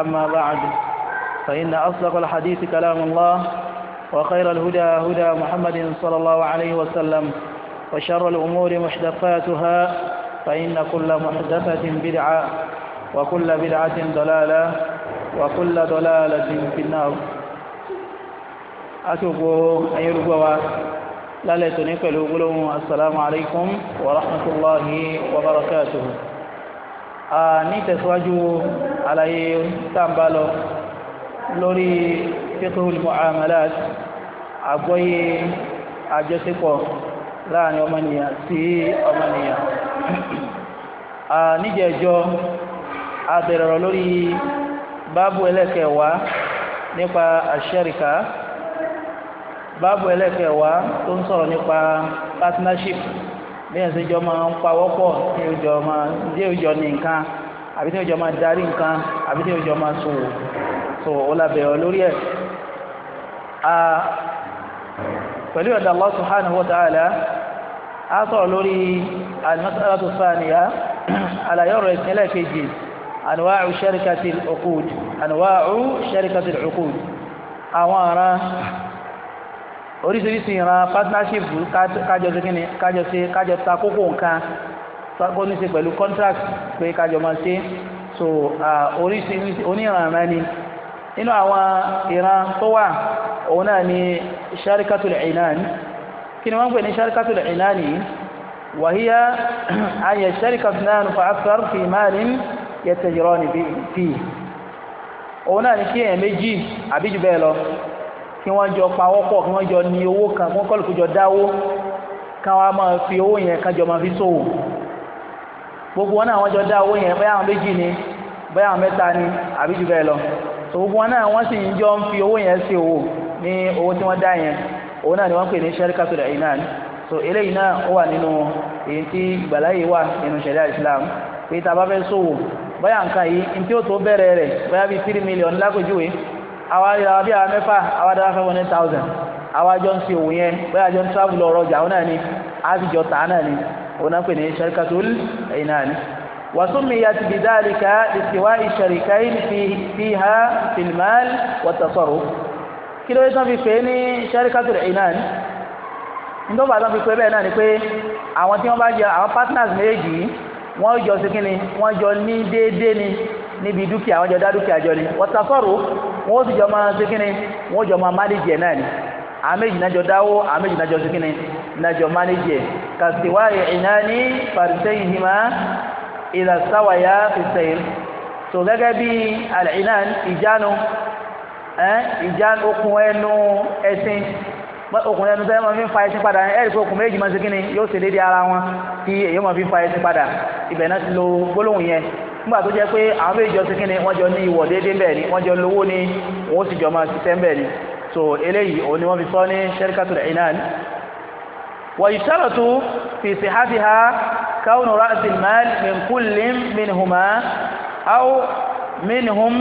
أما بعد فإن أصدق الحديث كلام الله وخير الهدى هدى محمد صلى الله عليه وسلم وشر الأمور محدثاتها فإن كل محدثة بدعة وكل بدعة ضلالة وكل ضلالة في النار أتوبوا أي ربوا لا لتنقلوا قلوب السلام عليكم ورحمة الله وبركاته ní tẹ̀síwájú àlàyé tàǹbà lọ lórí fiqhul mu'amalat àgbọ́yé àjọṣepọ̀ láàrin ọmọnìyàn sí ọmọnìyàn níjẹ̀jọ́ a bẹ̀rẹ̀ ọ̀rọ̀ lórí báàbù ẹlẹ́kẹ̀ẹ́wá nípa àṣẹ́ríkà báàbù ẹlẹ́kẹ̀ẹ́wá tó ń sọ̀rọ̀ nípa partnership bẹ́ẹ̀ ṣe jọ máa ń pawọ́pọ̀ tí ó jọ máa tí ó jọ ní nǹkan àbí tí ó jọ máa darí nǹkan àbí tí ó jọ máa sòwò so ó lábẹ̀rẹ̀ lórí ẹ̀ pẹ̀lú ọ̀dà Allah subhanahu wa ta'ala a sọ̀rọ̀ lórí al-mas'alatu thaniya àlàyé ọ̀rọ̀ ìpínlẹ̀ kejì anwa'u sharikatil uqud anwa'u sharikatil uqud àwọn ará oríṣiríṣi ìran partnership kájọ ṣe kíni kájọ ṣe kájọ ta kókó nǹkan kó ní ṣe pẹ̀lú contract pé kájọ máa ṣe so oríṣiríṣi oníranra ni nínú àwọn ìran tó wà òun náà ni sharikatul inan kí ni wọ́n ń pè ní sharikatul inan yìí wàhíyá ayẹ sharikatul inan fa akthar fi malin yẹtẹjọrọ ni fi òun náà ni kí èèyàn méjì àbí bẹ́ẹ̀ lọ kí wọ́n jọ pawọ́pọ̀ kí wọ́n jọ ní owó kan kí wọ́n kọ́lùkù jọ dáwó kan wá máa fi owó yẹn kan jọ máa fi ṣòwò gbogbo wọn náà wọ́n jọ dá yẹn bóyá àwọn méjì ni bóyá àwọn mẹ́ta ni àbí jù bẹ́ẹ̀ lọ tó gbogbo wọn náà wọ́n sì ń jọ ń fi owó yẹn ṣe òwò ní owó tí wọ́n dá yẹn òun náà ni wọ́n pè ní sharikatul inan so eléyìí náà ó wà nínú èyí tí ìgbàláyè wà nínú ṣẹ̀ríà Islam pé tá a bá fẹ́ ṣòwò bóyá nǹkan yìí ní tí ó tó bẹ̀rẹ̀ rẹ̀ bóyá bíi three million lákòjúwe àwa yàrá bí àwa mẹ́fà àwa dára five hundred thousand àwa jọ ń ṣe òwò yẹn bóyá jọ ń travel ọ̀rọ̀ ọjà òun náà ni àbíjọ tà náà ni òun náà pè ní sharikatul ẹ̀yìn náà ni. وسميت بذلك لاستواء الشريكين في فيها في المال والتصرف kilo yìí tán fi pè é ní sharikatul inan nítorí bàtà fi pè é bẹ́ẹ̀ náà ni pé àwọn tí wọ́n bá jẹ àwọn partners méjì wọ́n jọ sí kí ni wọ́n jọ ní déédéé ni níbi dúkìá wọn jọ dá dúkìá jọ ni wọ́tasọ́rò wọn ó sì jọ máa ṣe kínni wọn ó jọ máa mánéjì ẹ̀ náà ni àméjì náà jọ dáwó àméjì náà jọ ṣe kínni náà jọ mánéjì ẹ̀ kàṣíwá ìná ní fàrísẹ́yìn hìmá ìlàsáwàyà fìsẹ́yìn tó gẹ́gẹ́ bí àlìná ìjánu ìjánu okùn ẹnu ẹṣin okùn ẹnu tẹ́lẹ̀ máa fi ń fa ẹṣin padà ẹ̀rí pé okùn méjì máa ṣe kínni yóò ṣe déédéé ara wọn tí èyí máa fi fa ẹṣin padà ibẹ̀ náà ti lo gbólóhùn yẹn nígbà tó jẹ́ pé àwọn méjì ọsìn kínní wọ́n jọ ní ìwọ̀ déédéé bẹ́ẹ̀ ni wọ́n jọ lówó ni wọ́n sì jọ máa ṣiṣẹ́ bẹ́ẹ̀ ni so eléyìí òun ni wọ́n fi sọ ní sharikatul inan wa yusharatu fi sihatiha kawnu ra'sil mal min kullin minhuma aw minhum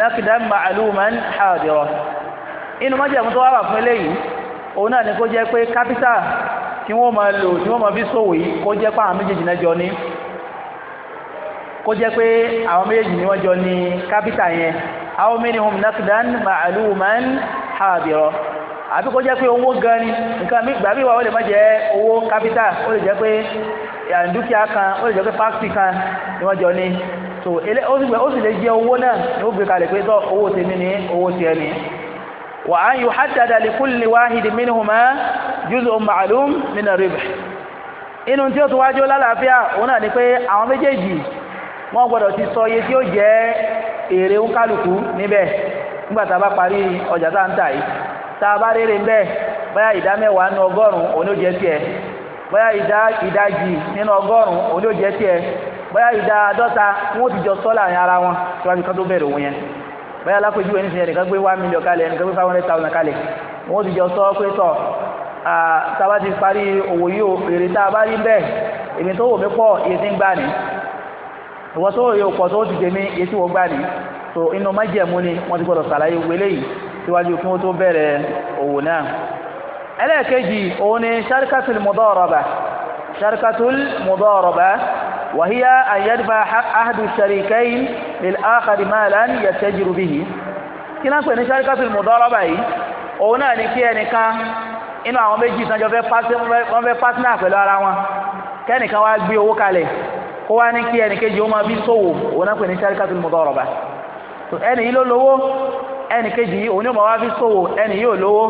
naqdan ma'luman hadira inú májèmú tó wà wà fún eléyìí òun náà ni kó jẹ́ pé kápítà tí wọ́n máa lò tí wọ́n máa fi sòwò yìí kó jẹ́ pé àwọn méjèèjì náà jọ ní kó jẹ́ pé àwọn méjèèjì ni wọ́n jọ ní kápítà yẹn aw minhum naqdan ma'luman habira àbí kó jẹ́ pé owó gan ni nǹkan gbà bí wà ó lè má jẹ́ owó kápítà ó lè jẹ́ pé dúkìá kan ó lè jẹ́ pé fáksì kan ni wọ́n jọ ní so ele ó sì gbẹ ó sì lè jẹ owó náà ni ó gbé kalẹ̀ pé tọ́ owó tèmi ni owó tiẹ̀ ni wà á yóò haddada li kulli wahidi minhuma juz'un ma'lum min ar-ribh inú tí ó tún wájú lálàáfíà òun náà ni pé àwọn méjèèjì wọ́n gbọ́dọ̀ ti sọ iye tí ó jẹ́ èrè ń kálukú níbẹ̀ nígbàtà bá parí ọjà tá ń tà yìí bá rere ń bẹ́ bóyá ìdá mẹ́wàá nínú ọgọ́rùn-ún òun ló jẹ́ tiẹ̀ bóyá ìdá ìdajì nínú ọgọ́rùn-ún jẹ́ tiẹ̀ ìdá àádọ́ta wọn ti jọ ara wọn tó bẹ̀rẹ̀ òun yẹn gbé ìwọ tó yóò pọ̀ tó dìde ní etí wọ́n gbà ní tó inú májẹ̀mú ni wọ́n ti gbọ́dọ̀ sàlàyé wọlé yìí síwájú kí tó bẹ̀rẹ̀ òwò náà ẹlẹ́ẹ̀kejì òun ni sharikatul mudaraba sharikatul mudaraba وهي أن يدفع أحد الشريكين للآخر مالا يتجر به kí náà pè ní sharikatul mudaraba yìí òun náà ni kí ẹnìkan inú àwọn méjì sanjọ fẹ́ pátínà kó wá ní kí ẹnìkejì ó máa bí sòwò òun náà pè ní sharikatu mudaraba ẹnì yìí ló lówó ẹnìkejì yìí òun ni ó máa wá fi sòwò ẹnì yìí ò lówó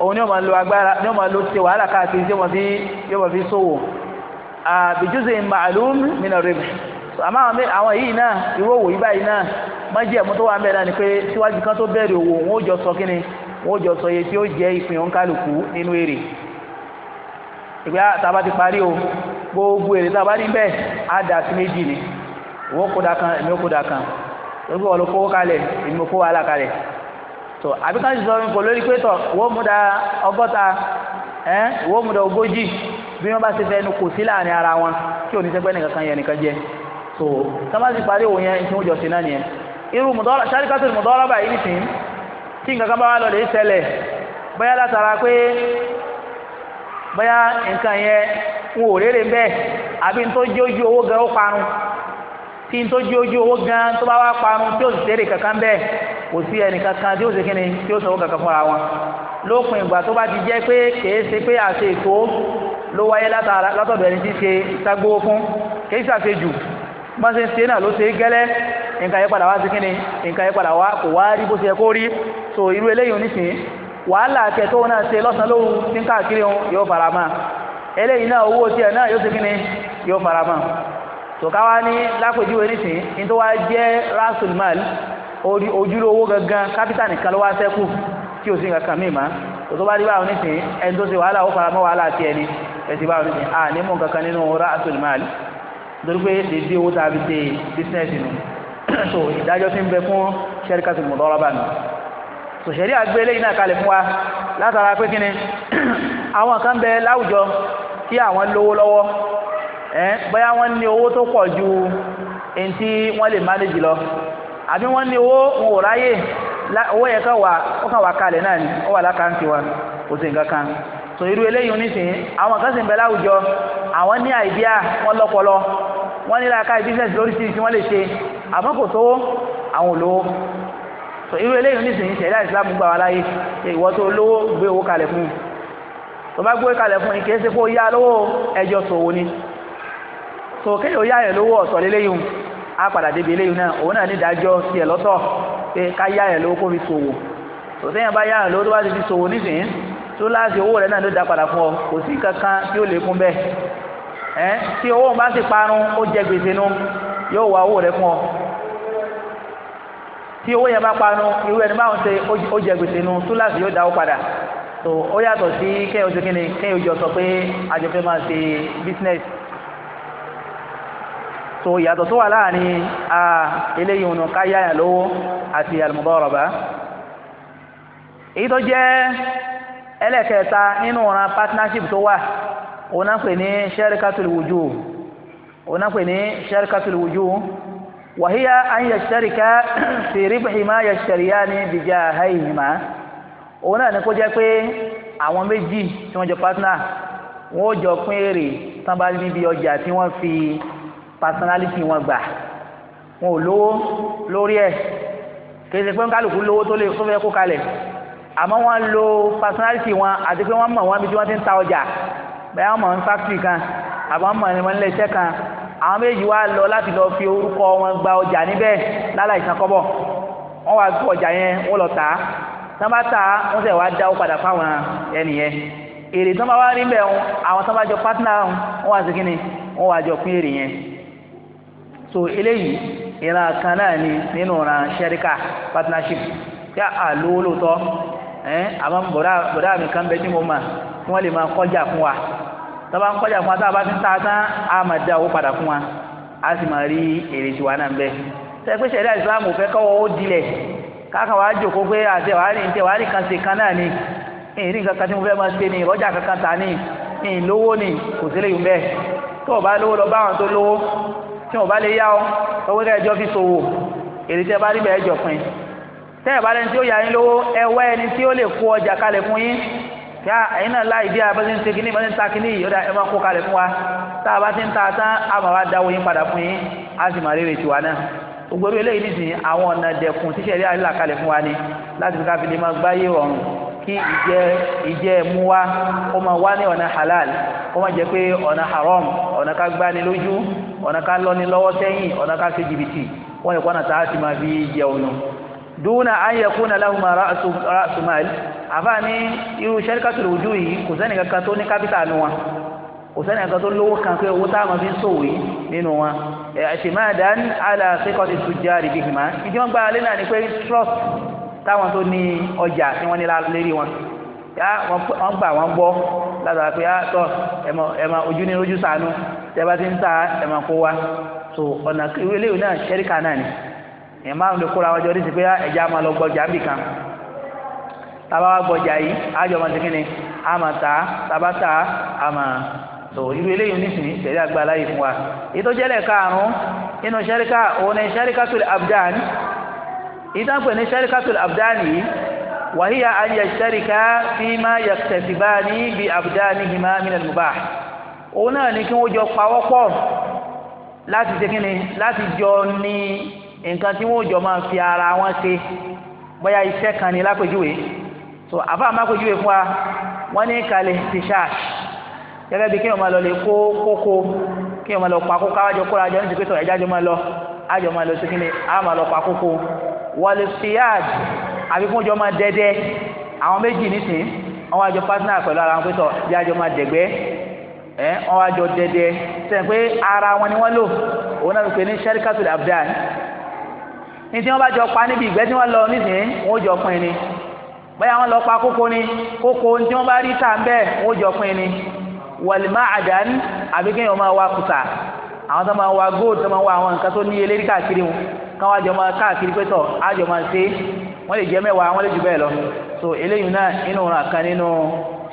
òun ni ó máa lo agbára ni ó máa lo ṣe wàhálà káàkiri tí ó máa fi sòwò àbíjúṣe màálùm min ar-ribh àmọ́ àwọn yìí náà irú òwò yìí báyìí náà májẹ̀mú tó wà ń bẹ̀rẹ̀ ni pé síwájú kan tó bẹ̀rẹ̀ òwò wọn ò jọ sọ kí ni wọn ò jọ sọ iye tí ó jẹ́ ìpín òǹkálùkù nínú èrè ìgbà tá a bá ti parí o gbogbo èrè tàbá ní bẹ́ẹ̀ á dà sí méjì ni òun kó da kan èmi ó kó da kan gbogbo wọn kówó kalẹ̀ èmi ó kó wàhálà tó ti sọ fún lórí pé tọ̀ da ọgọ́ta da ogójì bí wọ́n bá ṣe fẹ́ nu kò sí láàrin ara wọn kí òní sẹ́gbẹ́ nìkan kan yẹ nìkan jẹ tó parí òun yẹn tí wọ́n jọ sí náà bóyá nǹkan yẹn wọn ò réré bẹ́ẹ̀ àbí tó jí ojú owó gan ó parun tí tó jí ojú owó gan tó bá wá parun tí ó sì tẹ́lẹ̀ kankan bẹ́ẹ̀ kò sí ẹnì kankan tí ó ṣe kíni tí ó sanwó kankan fúnra wọn lópin ìgbà tó bá ti jẹ́ pé kìí ṣe pé àṣẹ ètò ló wáyé látọ̀dọ̀ ẹni tí ṣe ságbówó fún kìí ṣàṣejù bá ṣe ń ṣe náà ló ṣe gẹ́lẹ́ nǹkan yẹn padà wá sí kíni nǹkan yẹn padà wá kò wá rí bó ṣe yẹ kó rí so irú eléyìí oníṣìí wàhálà kẹ tóun náà ṣe lọ́sàn-án lóhun tí ń káàkiri òun yóò fara mọ́ eléyìí náà owó tiẹ̀ náà yóò ṣe kí ni yóò fara mọ́ tòká ní lápèjúwe nísìn ní tó wá jẹ́ rasul mal ojúlówó gangan kápítà nìkan ló wá sẹ́kù tí o sì ń kankan míì má o tó bá rí báwọn nísìnyí ẹni tó ṣe wàhálà ó fara mọ́ wàhálà tiẹ̀ ni ẹtì báwọn nísìnyí à ní mú kankan nínú ra'atul mal nítorí pé dèdè owó tàbí ṣe bísínẹ́sì nù so ìdájọ́ ti ń bẹ fún sharikatul mudaraba nù sòṣèlú àgbélé iná kalẹ̀ fún wa látara pé kíni àwọn kan bẹ láwùjọ kí àwọn lówó lọ́wọ́ ẹ bóyá wọ́n ní owó tó pọ̀ ju èyí tí wọ́n lè manage lọ àbí wọ́n ní owó wọn ò ráyè owó yẹn kan wà ó kàn wà kalẹ̀ náà ni ó wà lákàntì wa kò sí nǹkan kan so irú eléyìí onísìn àwọn kan sì ń bẹ láwùjọ àwọn ní àìdíà wọn lọ́pọlọ wọn ní làákàyè business lóríṣiríṣi wọn lè ṣe àmọ́ kò sówó àwọn olówó so irú eléyìí nísìnyí ṣẹ̀dá islam gbà wá láyé ìwọ tó lówó gbé owó kalẹ̀ fún un tó bá gbé kalẹ̀ fún un kì í ṣe kó yá lówó ẹjọ́ sòwò ni so kéèyàn yá yẹn lówó ọ̀sọ̀ léléyìí á padà débi eléyìí náà òun náà nídàájọ́ sí ẹ̀ lọ́tọ̀ pé ká yá yẹn lówó kó fi sòwò tó sẹ́yìn bá yá yẹn lówó tó bá ti fi sòwò nísìnyí tó láti owó rẹ̀ náà ló dá padà fún ọ kò sí kankan tí ó lè kún bẹ́ẹ̀ ẹ́ tí owó bá sì parun ó jẹ gbèsè nú yóò wá owó rẹ̀ fún ọ tí owó yẹn bá panu irú ẹni báwọn ṣe ó jẹ gbèsè nu túláàsì yóò dáwó padà tó ó yàtọ̀ sí kéèyàn oṣù kínní kéèyàn ojú ọ̀sọ̀ pé àjọpẹ́ máa ṣe business tó ìyàtọ̀ tó wà láàrin eléyìí ònà káyà yàn lówó àti àlùmọ́bọ̀rọ̀bá èyí tó jẹ́ ẹlẹ́kẹta nínú ọ̀ràn partnership tó wà òun náà pè ní sherikatul wuju òun náà pè ní sherikatul wuju وهي أن يشتركا في ربح ما يشتريان بجاهيهما òun náà ni kó jẹ́ pé àwọn méjì tí wọ́n jọ partner wọ́n ó jọ pín èrè tán bá níbi ọjà tí wọ́n fi personality wọn gbà wọn ò lówó lórí ẹ̀ kìí ṣe pé kálukú lówó tó lè tó fẹ́ kó kalẹ̀ àmọ́ wọ́n lo personality wọn àti pé wọ́n mọ̀ wọ́n bí tí wọ́n ti ń ta ọjà bẹ́ẹ̀ wọ́n mọ̀ ní factory kan àbọ̀ wọ́n mọ̀ ní wọ́n ní ilé iṣẹ́ kan àwọn méjì wá lọ láti lọ fi orúkọ wọn gba ọjà níbẹ̀ láláì san kọ́bọ̀ wọ́n wá gbé ọjà yẹn wọ́n lọ tà á tán bá tà á wọ́n sẹ̀ wá dáwó padà fáwọn ẹnì yẹn èrè tán bá wá rí bẹ́ẹ̀ àwọn tán bá jọ pátínà wọn wá sí kínni wọ́n wá jọ pín èrè yẹn so eléyìí ìran kan náà ni nínú ìran ṣẹ́ríkà partnership tí a lówó lóòótọ́ ẹ̀ àwọn bọ̀dá mi kan bẹ tí mo tọ́ba ń kọjá fún wa tá a bá fi ń ta tán a máa da owó padà fún wa a sì máa rí èrè tiwa náà bẹ́ẹ̀ tẹ́ pé sẹ́dá ìsìlámù fẹ́ kọ́wọ́ ó dilẹ̀ káàkà wàá jòkó pé àti wàá rìn tẹ wàá rìn kan ṣe kan náà ni ìrìn nǹkan kan tí mo fẹ́ máa ṣe ni ìrọ́jà kankan ta ni ìlówó ni kò sí léyìn bẹ́ẹ̀ tó o bá lówó lọ bá àwọn tó lówó tí o bá lè yá ọ owó kẹ́ ẹjọ́ fi ṣòwò èrè tẹ́ bá rí bẹ́ẹ̀ jọ pin tẹ́ ẹ̀ bá lẹ́ni tí ó yá yín lówó ẹ wá ẹni tí ó lè kó ọjà kalẹ̀ fún yín yá ẹ̀yin náà láì dí abẹ́sẹ̀ ń ṣe kínní ìbẹ́sẹ̀ ń ta kínní yìí ó dà ẹ máa kó kalẹ̀ fún wa tá a bá ti ń ta tán a máa wá dáwọ́ yín padà fún yín a sì máa rere tiwa náà gbogbo eré eléyìí nìsín àwọn ọ̀nà dẹ̀kun tíṣẹ̀ rí àrílà kalẹ̀ fún wa ni láti fi káfíńdé máa gbáyé ọ̀run kí ìjẹ ìjẹ mú wa ó máa wá ní ọ̀nà halal ó máa jẹ pé ọ̀nà haram ọ̀nà ká gbani lójú ọ̀nà ká lọ́ni lọ́wọ́ sẹ́yìn ọ̀nà ká ṣe jìbìtì wọ́n yẹ kó ọ̀nà tá a ti máa fi jẹun nù dúnà ayẹkúnà láhùnmá ra'asumal àfáà ní irú sharikatul wujuh yìí kò sẹ́ni kankan tó ní kápítà nu wọn kò sẹ́ni kankan tó lówó kan pé owó táwọn fi ń sòwò yìí nínú wọn ẹ̀ṣìmáàdán aláṣẹ́kọ̀tì tujari bihima ìdí wọn gbára lé náà ni pé trust táwọn tó ní ọjà tí wọ́n ní lérí wọn yá wọ́n gbà wọ́n gbọ́ látara pé á tọ́ ẹ̀mọ ojú ní ojú sànú tẹ́ bá ti ń ta ẹ̀mọ kó wa so ọ̀nà ìwé léwu náà ṣẹ́ríkà ni èèyàn márùn lè kóra wájú oríṣi pé ah, ẹja máa lọ gbọjà níbì kan tábà wá gbọjà yìí ájọ máa ti kí ni a máa tà á tábà tà á a máa tó irú eléyìí nísìnyí tẹ̀lé àgbà láyé fún wa ètò jẹ́lẹ̀ karùn-ún inú sẹ́ríkà òun ni sẹ́ríkà tó lè abdan ìdánpẹ̀ ní sẹ́ríkà tó lè abdan yìí wàhíyà ayé sẹ́ríkà fi máa yàtẹ̀síbá ní bí abdan ní hìmá minal mubah òun náà ni kí wọ́n jọ pawọ́pọ̀ láti ṣe kí ni láti jọ ní nǹkan tí wọ́n jọ máa fi ara wọn ṣe bóyá iṣẹ́ kan ní lápèjúwe so àbá àmàpèjúwe fún wa wọ́n ní kalẹ̀ ti ṣáàṣì gẹ́gẹ́ bí kí wọ́n máa lọ lè kó kókó kí wọ́n máa lọ pa kókó àwájọ kóra jọ nítorí pé tọ̀ ẹ̀já jọ máa lọ àjọ máa lọ sí ni a máa lọ pa kókó wọlé fiyad àbí fún jọ máa dẹ́dẹ́ àwọn méjì nísìn àwọn àjọ partner pẹ̀lú ara wọn pé tọ̀ ẹ̀já máa dẹ̀gbẹ́ ẹ̀ wọ́n wá jọ dẹ́dẹ́ pé ara wọn ni wọ́n lò òun náà ló pe ní sharikatul abdan ní tí wọ́n bá jọ pa níbi ìgbẹ́ tí wọ́n lọ nísìnyí wọ́n jọ pín ni bóyá wọ́n lọ pa kókó ni kókó tí wọ́n bá rí tà ń bẹ́ẹ̀ wọ́n jọ pín ni wàlìmá àdán àbí kéèyàn máa wá kùsà àwọn tó máa wá góòlù tó máa wá àwọn nǹkan tó ní eléyìí káàkiri wọn káwọn àjọ máa káàkiri pé àjọ máa ṣe wọ́n lè jẹ́ mẹ́wàá wọ́n lè jù bẹ́ẹ̀ lọ so eléyìí náà inú ọ̀ràn kan nínú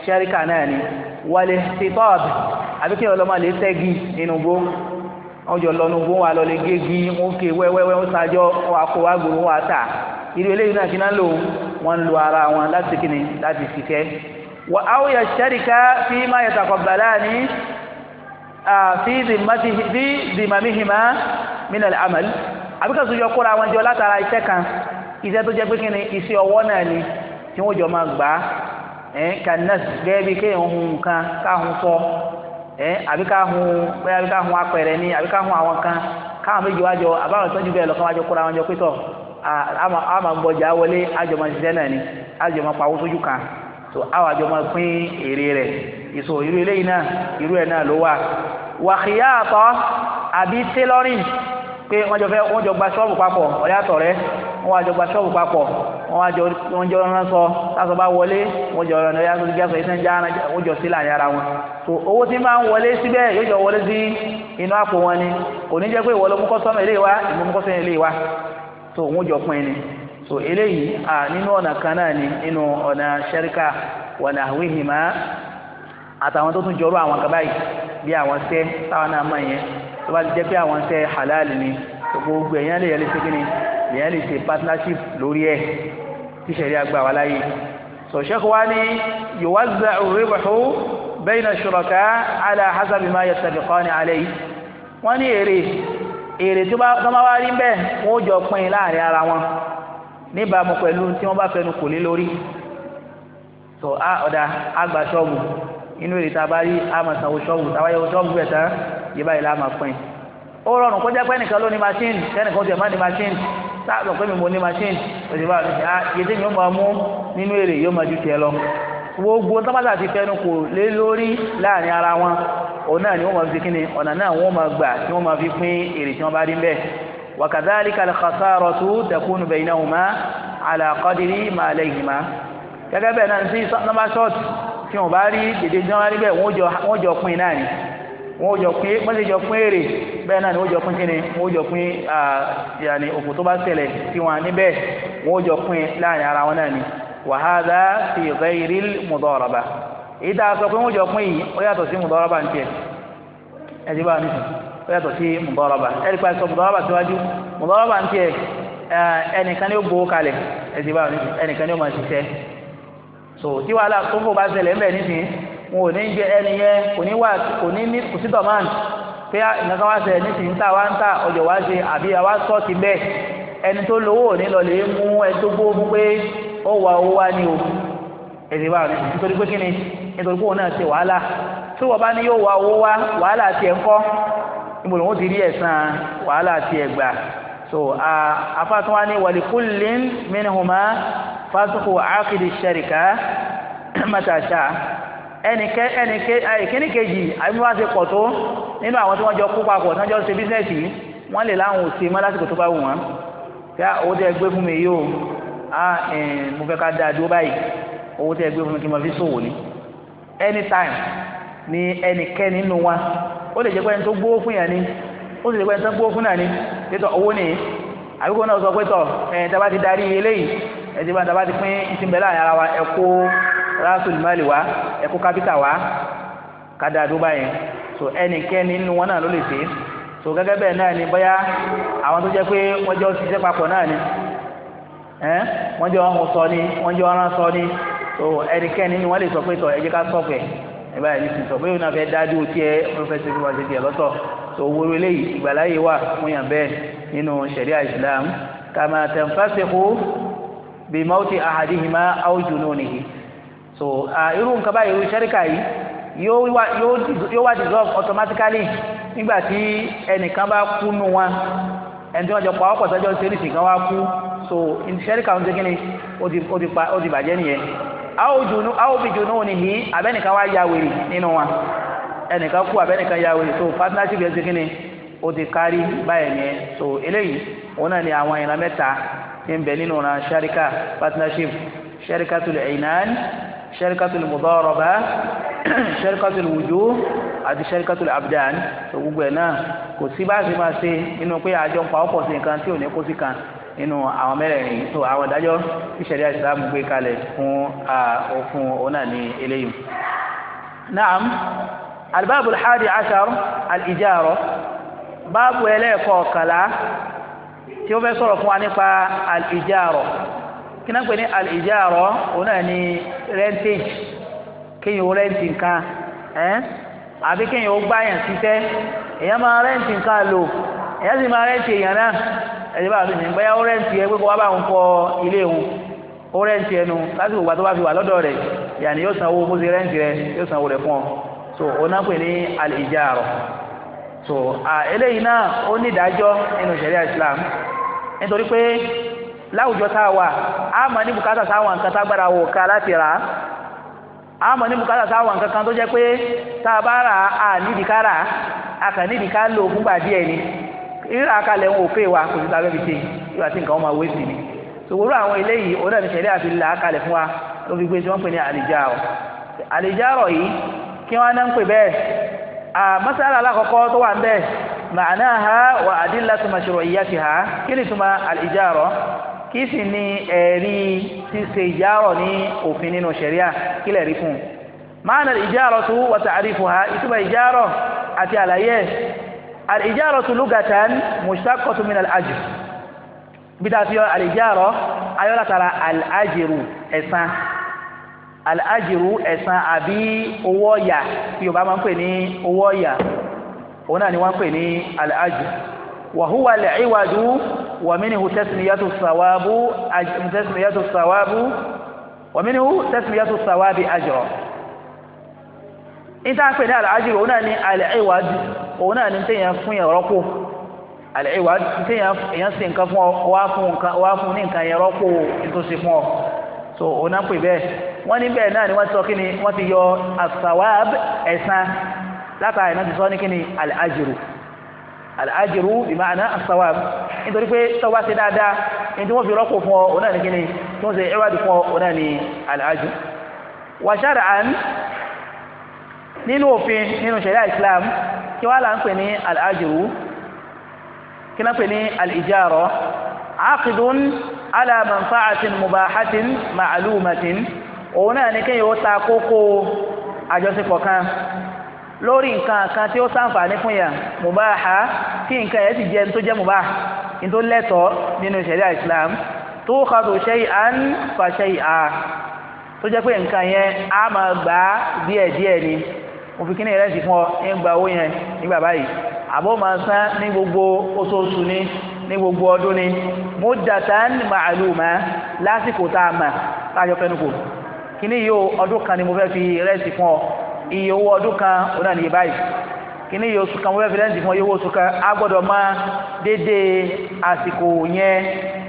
ṣẹ́ríkà náà ni wàlẹ̀ ṣètọ́ọ̀bù àbí kéèyàn lọ́ máa wọn jọ lọnu gbó wa lọlé gégi wọn ké wẹwẹwẹ wọn sájọ wọn akó wa gbòòrò wọn ata irú eléyìí náà kíná lò wọn ń lo ara wọn láti kíni láti ṣiṣẹ́ wà á yà sẹ́ríkà fi máa yàtọ̀ kọ̀bàlá ni fi dìmàmíhìmá mínàlì àmàl àbíkà sójú ọkọ̀ra wọn jọ látara iṣẹ́ kan iṣẹ́ tó jẹ́ pé kíni iṣẹ́ ọwọ́ náà ni tí wọ́n jọ máa gbà á ẹ̀ kànáà gẹ́gẹ́ bí kéèyàn hun nǹkan káhun sọ ẹ eh, àbí ká hun pé àbí ká hun apẹ̀rẹ̀ ni àbí ká hun àwọn kan káwọn méjì wájọ àbáwọn tó ju bẹ́ẹ̀ lọ́kàn wájọ kóra wọn jọ pétọ̀ àmà gbọ́jà wọlé àjọmọ̀ ṣiṣẹ́ náà ni àjọmọ̀ pàwọ́ sójú kan tó àwọn àjọmọ̀ pín èrè rẹ̀ ìṣò irú eléyìí náà irú ẹ̀ náà ló wà. wàhíyá àtọ́ àbí tailoring pé wọ́n jọ gba ṣọ́ọ̀bù papọ̀ ọ̀yàtọ̀ rẹ̀ wọ́n wá jọ gba ṣọ́ọ̀bù papọ̀ wọ́n wájọ wọ́n jọ ọ̀rán sọ sáàsọ bá wọlé wọ́n jọ ọ̀rán lọ́yà sọ́dún gẹ́sọ̀ iṣẹ́ ń já wọ́n jọ ara wọn tó owó tí máa ń wọlé síbẹ̀ yóò jọ wọlé sí inú àpò wọn ni kò ní jẹ́ pé ìwọ ló mú kọ́sọ́mù eléyìí wá ìmú mú kọ́sọ́mù eléyìí wá tó wọ́n jọ pín ni tó eléyìí à nínú ọ̀nà kan náà ni nínú ọ̀nà lèyàn lè ṣe partnership lórí ẹ̀ tí sẹ̀rí àgbà wà láyé sọ Sheikh wa ní yuwazza ar-ribhu bayna ash-shuraka ala hasabi ma yattafiqani alayhi wọ́n ní èrè èrè tó bá wá rí bẹ́ẹ̀ wọ́n jọ pín láàrin ara wọn níbàámu pẹ̀lú tí wọ́n bá fẹnu kò lé lórí tó ah, a ọ̀dà àgbà ṣọ́ọ̀bù inú èrè tá a bá rí àmọ̀ ṣọ́ọ̀bù tá a ṣọ́ọ̀bù bẹ̀ tán yìí báyìí ó rọrùn kó jẹ́ pé ẹnìkan ló ní machine kẹ́nìkan tiẹ̀ má ní machine sáàbọ̀ pé mi mo ní machine òsì bá mi ah yéte mi ó máa mú nínú èrè yóò máa ju tiẹ̀ lọ gbogbo tọ́pátà ti fẹnu kò lé lórí láàrin ara wọn òun náà ni wọ́n máa fi kíni ọ̀nà náà wọ́n máa gbà tí wọ́n máa fi pín èrè tí wọ́n bá rí ń bẹ̀ wa kadhalika al-khasaratu takunu baynahuma ala qadri ma alayhima gẹ́gẹ́ bẹ́ẹ̀ náà ní sí tí wọ́n bá rí dèdè tí wọ́n bá rí bẹ́ẹ̀ wọ́n jọ pín náà ni wọn jọ pín wọ́n jọ pín èrè bẹ́ẹ̀ náà ni wọ́n jọ pín kíni wọ́n jọ pín yàní òkú tó bá níbẹ̀ wọ́n jọ pín láàrin ara wọn náà ni wàhálà fi ghayril mudaraba èyí tá a sọ pé wọ́n jọ pín yìí ó yàtọ̀ sí ní tiẹ̀ ẹ ti bá a nìkan ó yàtọ̀ sí ẹ sọ síwájú ní tiẹ̀ ẹnìkan ni ó kalẹ̀ ẹ ti wọn ò ní jẹ ẹni yẹn kò ní wà kò ní ní kò sí dọ̀mán pé nǹkan wá sẹ̀ ní tìǹtà wá ń tà ọjọ́ wá ṣe àbí àwa sọ́ọ̀tì bẹ́ẹ̀ ẹni tó lówó ò ní lọ lè mú ẹni pé ó wà wá ní o èdè bá rẹ nítorí pé kí ni nítorí pé òun náà ṣe wàhálà tí wọ́n bá ní yóò wá owó wá wàhálà tiẹ̀ ń kọ́ níbo ni ti rí ẹ̀san wàhálà tiẹ̀ gbà so afáàtún wa ní wàlíkúlín mínhùmá fásitì àkìdí ṣẹ̀ríkà mẹ́tàṣá ẹnìkẹ́ ẹnìkẹ́ ìkíní kejì àbíwá ṣe pọ̀ tó nínú àwọn tí wọ́n jọ kó papọ̀ tí jọ ṣe bísíǹsì wọ́n lè láwọn ò ṣe lásìkò tó bá wù wọ́n kí owó tẹ́ gbé fún mi yìí o mo fẹ́ ká da dúró báyìí owó tẹ́ gbé fún mi kí n máa fi ṣòwò ni anytime ni ẹnìkẹ́ nínú wa ó lè jẹ́ pé ẹni tó gbówó fún yàn ni ó sì lè pé ẹni tó gbówó fún owó àbíkó náà sọ pé tọ̀ rasul mali wa ẹ kó kápítà wa kádà àdúgbà yẹn so ẹnikẹ́ni nínú wọn náà ló lè ṣe so gẹ́gẹ́ bẹ́ẹ̀ náà ni bóyá àwọn tó jẹ́ pé wọ́n jọ ṣiṣẹ́ papọ̀ náà ni ẹ́n wọ́n jọ ọ̀hún sọ ni wọ́n jọ ọ̀rán sọ ni so ẹnikẹ́ni ni wọ́n lè sọ pé tọ̀ ẹ jẹ́ ká sọ̀kọ̀ ẹ̀ ẹ̀ báyìí ní sísọ bóyá náà fẹ́ dájú tí ẹ wọ́n fẹ́ ṣe fún wa ṣe tiẹ̀ lọ́tọ̀ so wóró eléyìí ìgbàláyè wà fún yàn bẹ́ẹ̀ nínú ṣẹ̀ríà Islam kàmá tanfasihu bi mauti ahadihima aw jununihi so uh, irú nǹkan báyìí irú sẹ́ríkà yìí yóò wá dissolve automatically nígbà tí ẹnìkan bá kú nù wọn ẹni tí wọn jọ pa ṣe oríṣi kan wá kú so sẹríkà ń segin ni ó ti bàjẹ́ nìyẹn ni hì abẹ́nìkan wá ya wèrè nínú wọn ẹnìkan so partnership yẹn segin ni ó ti kárí báyẹn so eléyìí òun náà ni àwọn ìran mẹ́ta ń bẹ nínú partnership tó lè ẹ̀yìn náà شركة المضاربة، شركة wujuh àti sharikatul abdan tó gbogbo ẹ̀ náà kò sí bá a ṣe máa ṣe nínú pé àjọ pa ọ̀pọ̀ sí nǹkan tí ò ní kó sí kan nínú àwọn mẹ́rẹ̀ẹ̀rin tó àwọn ìdájọ́ tí ṣẹ̀ríà ìsìlámù gbé kalẹ̀ fún òfin òun ní eléyìí. naam albaabu alhaadi ashar alijaaro báàbù ẹlẹ́ẹ̀kọ̀ọ̀kàlá tí ó fẹ́ sọ̀rọ̀ fún wa nípa alijaaro kí náà pè ní alìjáàrọ̀ òun náà ni rẹ́ńtéèjì kéèyàn ó rẹ́ǹtì nǹkan ẹ́ àbí kéèyàn ó gbáyàn síṣẹ́ èèyàn máa rẹ́ǹtì nǹkan lò èèyàn sì máa rẹ́ǹtì èèyàn náà ẹ̀jẹ̀ bá mi nìyẹn bóyá ó rẹ́ǹtì ẹ pé kó wá bá òun kọ́ ilé òun ó rẹ́ǹtì ẹnu lásìkò ìgbà tó bá fi wà lọ́dọ̀ rẹ̀ yàní yóò sanwó bó ṣe rẹ́ǹtì rẹ̀ yóò sanwó rẹ̀ fún ọ so òun náà pè ní alìjáàrọ̀ so eléyìí náà ó ní ìdájọ́ nínú ìṣẹ̀lẹ̀ láwùjọ tá a wà á mọ̀ ní bùkátà sáwọn nǹkan tágbára wò ká láti rà á mọ̀ ní sáwọn nǹkan kan tó jẹ́ pé tá a bá rà á nídìí ká rà á a nídìí ká lò fúngbà díẹ̀ ni rírà kalẹ̀ ń wa kò sí sábẹ́ fi ṣe yóò àti nǹkan ọmọ wéṣì ni ṣòwòrò àwọn eléyìí òun náà ní àti á kalẹ̀ fún wa fi gbé tí wọ́n pè ní yìí kí wọ́n pè bẹ́ẹ̀ àmọ́sára alákọ̀ọ́kọ́ tó wà kí sì ni ẹ̀rí ṣíṣe ìjárọ̀ ní òfin nínú ṣẹ̀ríà kí lè rí fún un maana ìjárọ̀tù wa ta'rifuha ìtumọ̀ ìjárọ̀ àti àlàyé al-ijaratu lugatan mushtaqatu min al-ajr bí dáa fi yọ al-ijarah ayọ́látara al-ajru ẹ̀san al-ajru ẹ̀san àbí owó ọ̀yà tí Yorùbá máa ń pè ní owó ọ̀yà òun náà ni wọ́n ń pè ní al-ajru wa ومنه تسمية الصواب تسمية الصواب ومنه تسمية الصواب أجرا إن تعرف على الأجر هنا العوض هنا أن تيان فون يرقو العوض تيان ينسين كفون وافون وافون إن كان يرقو يتوسفون so ona pe bẹ́ẹ̀ wọ́n ní bẹ́ẹ̀ náà ni wọ́n ti sọ kíni wọ́n ti yọ asawab ẹ̀san látara ẹ̀ náà ti sọ ní kíni al àjẹrú ìmáàna asawam nítorí pé tó bá ṣe dáadáa ní tí wọ́n fi rọ́pò fún ọ òun náà ní kíni tí wọ́n ṣe ìwádì fún ọ òun náà ní àjù wàṣáàdà àn nínú òfin nínú ṣẹ̀ríà Islam kí wọ́n là ń pè ní àjẹrú kí wọ́n pè ní àlìjárọ̀ àkìdún alamanfaatin mubahatin ma'alumatin òun náà ní kéèyàn ó ta kókó àjọṣepọ̀ kan lórí nǹkan kan tí ó sàǹfààní fún yà mùbáhà kí nǹkan yẹn sì jẹ́ ní tó jẹ́ mùbáhà ní tó lẹ́tọ̀ọ́ nínú ìṣẹ̀lẹ̀ Islam tó kàtó ṣe à ń fa ṣe à tó jẹ́ pé nǹkan yẹn á máa gbà á díẹ̀díẹ̀ ni mo fi kíní ìrẹsì fún ọ ní gba owó yẹn nígbà báyìí àbó máa san ní gbogbo oṣooṣù ni ní gbogbo ọdún ni muddatan ma'luma lásìkò tá a mà láàjọ fẹnukò kíní yìí ọdún kan ni mo fẹ́ fi ìrẹsì fún ọ iye owó ọdún kan òun náà níye báyìí kíní iye oṣù kan wọ́n fẹ́ fi lẹ́ǹtì fún iye owó oṣù kan á gbọ́dọ̀ mọ dédé àsìkò yẹn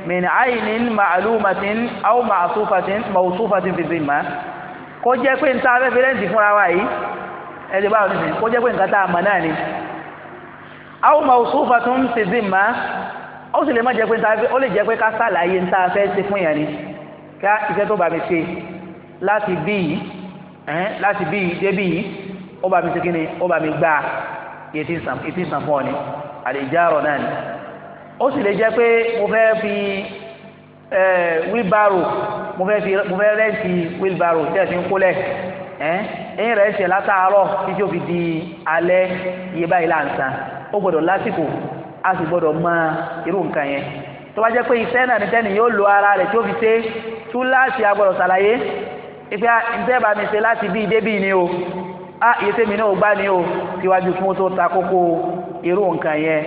min aynin ma'lumatin aw ma'sufatin mawsufatin fi zimma kó jẹ́ pé nta fẹ́ fi lẹ́ǹtì fúnra wa yìí ẹ̀dì báwo ní sìn kó jẹ́ pé nǹkan tá a mọ̀ náà ni aw mawsufatun fi zimma ó sì lè má jẹ́ pé nta fẹ́ ó lè jẹ́ pé ká sàlàyé nta fẹ́ ṣe fún yẹn ni ká iṣẹ́ tó bá mi ṣe láti bí yìí ẹ̀hẹ́n láti bí yìí débí yìí ó bá mi sikini ó bá mi gbá iye tí ń san fún ọ ni àlèjárọ̀ náà ni ó sì lè jẹ́ pé mo fẹ́ fi wheelbarrow mo fẹ́ fi mo fẹ́ rẹ́ǹtì wheelbarrow tẹ́ ẹ̀ fi ń kólẹ̀ ẹ̀hẹ́n ẹ̀yìn rẹ̀ ṣẹ̀ látàárọ̀ títí ó fi di alẹ́ iye báyìí là ó gbọ́dọ̀ lásìkò a sì gbọ́dọ̀ mọ irú nǹkan yẹn tó bá jẹ́ pé iṣẹ́ náà ni tẹ́ni yóò lo ara rẹ̀ tí ó fi ṣe túláàsì agbọ́dọ̀ ṣàlàyé ife ntẹ́ bá mi ṣe láti bí débì ni o a iye tẹ́mi náà gbá ni o síwájú fún tó ta kókó irú nǹkan yẹn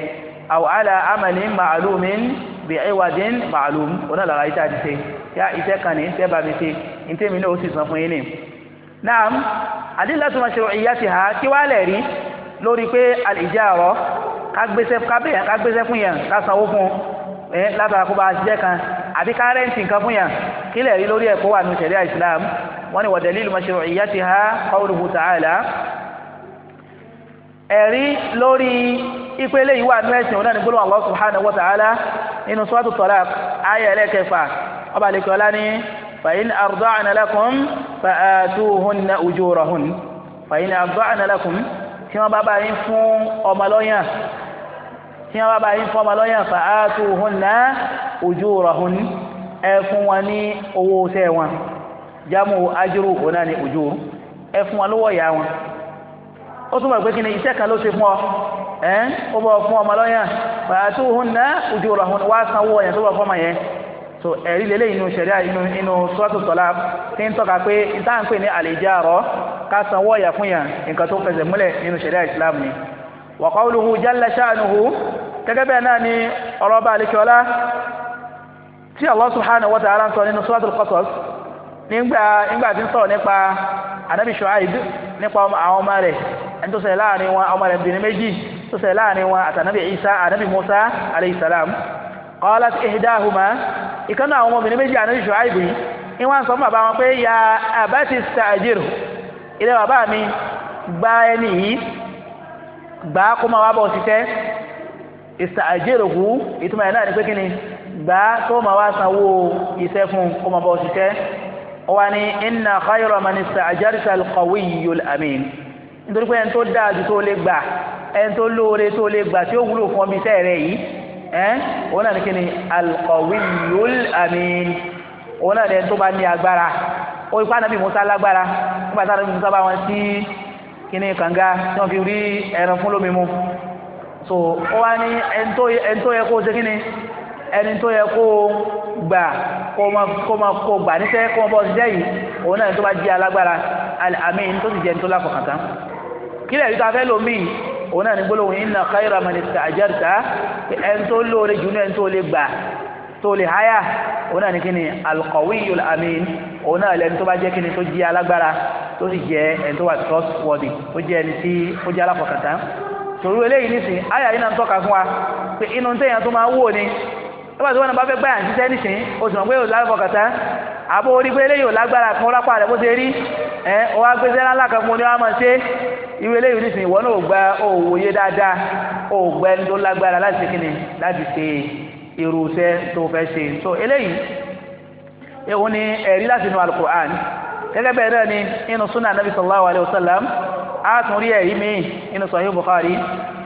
àwọn àlà amalin ma'lumin bi iwadin ma'lum ọ̀nà làrá yìí tá a ti ṣe yá iṣẹ́ kan ní ntẹ́ bá mi ṣe ntẹ́mi náà ó sì san fún yín ni. naam adillatu mashru'iyyatiha kí wàá lẹ̀ rí lórí pé al-ijara ká gbéṣẹ́ fún yẹn ká sanwó fún ẹ látara kó bá kan àbí ká rẹ́ǹtì nǹkan fún yàn kí lè rí lórí ẹ̀kọ́ wà nù sẹ̀ríà islam wọ́n ní wa dalilu mashru'iyyatiha qawluhu ta'ala ẹ̀rí lórí ìpele yìí wà nù ẹ̀sìn òun náà ní gbólóhùn Allah subhanahu wa nínú suratu talaq aya ẹlẹ́kẹfà ọba àlekẹ́ ọlá ní fa in arda'na lakum ujurahun ẹ fún wọn ní owó iṣẹ́ wọn jámù ajuru òun náà ní ujuru ẹ fún wọn lówó ìyá wọn ó túmọ̀ pé kí ni iṣẹ́ kan ló ṣe fún ọ ẹ ó bọ̀ fún ọmọ lọ́yàn fa'atuhunna ujurahun wá sanwó ọ̀yàn tó bọ̀ fọ́mọ yẹn so ẹ̀rí lélẹ̀ inú ṣẹ̀ríà inú inú sọ́tò sọ́lá tí ń tọ́ka pé ìtàǹpẹ̀ ní àlèjárọ̀ ká sanwó ọ̀yà fún yàn nǹkan tó fẹsẹ̀ múlẹ̀ nínú ṣẹ̀ríà islam ni wa qawluhu jalla sha'nuhu gẹ́gẹ́ bẹ́ẹ̀ náà ni ọ̀rọ̀ bá àlekíọ́lá tí Allah subhanahu wa ta'ala ń sọ nínú suratul Qasas nígbà nígbà tí ń sọ̀rọ̀ nípa anabi Shu'aib nípa àwọn ọmọ rẹ̀ ẹni tó ṣẹlẹ̀ láàrin wọn ọmọ rẹ̀ bìnrin méjì tó ṣẹlẹ̀ láàrin wọn àtànàbì Isa anabi Musa alayhi salam àwọn ọmọbìnrin méjì anabi Shu'aib yìí ni wọ́n sọ bàbá wọn pé ya abati sta'jiru ilé bàbá mi gba ẹni yìí gbà gbà tó ma wá sanwó iṣẹ́ fún kó ma bọ́ ṣiṣẹ́ wọ́n ní inna khayra man ista'jarta al-qawiyyul amin nítorí pé ẹni tó dáa ju tó lè gbà ẹni tó lóore tó lè gbà tí ó wúlò fún ọmọ iṣẹ́ rẹ yìí ẹn òun náà ní kíni al-qawiyyul amin òun náà ní tó bá ní agbára ó ipá nàbí musa lágbára nígbà tá nàbí musa bá wọn sí kíní kànga tí wọn fi rí ẹran fún lómi mu so ó ní ẹni tó yẹ kó ṣe kíni ẹni tó yẹ kó o gbà kó o máa kó o gbà níṣẹ́ kó o bọ́ ṣiṣẹ́ yìí òun náà ní tó bá jí alágbára àmì tó sì jẹ́ ní tó láfọ̀kàntán kí lẹ́yìn tó a fẹ́ lò mí òun náà ní gbólóhùn inna khayra man ista'jarta ẹni tó lóore jù ní ẹni tó lè gbà tó lè háyà òun náà ní kí ni al-qawiyyul amin òun náà lẹ́ni tó bá jẹ́ kí ni tó jí alágbára tó sì jẹ́ ẹni tó wà trustworthy tó nígbà tó wọn bá fẹ́ gbáyà ṣiṣẹ́ nísìn oṣù mọ̀ pé yóò lárúbọ̀ kàtá àbó orí pé eléyìí ò lágbára kan lápá rẹ̀ bó ṣe rí ẹ ọ wá gbé sẹ́lá ńlá kan fún un ní wàá máa ṣe irú eléyìí nísìn ìwọ náà ò gba òwòye dáadáa ò gba ẹni tó lágbára láti ṣe kíni láti ṣe irú iṣẹ́ tó fẹ́ ṣe so eléyìí òun ni ẹ̀rí láti inú alukur'an gẹ́gẹ́ bẹ́ẹ̀ náà ni inú sunna anabi sallallahu alayhi wa sallam a tún rí ẹ̀rí míì inú sahih bukhari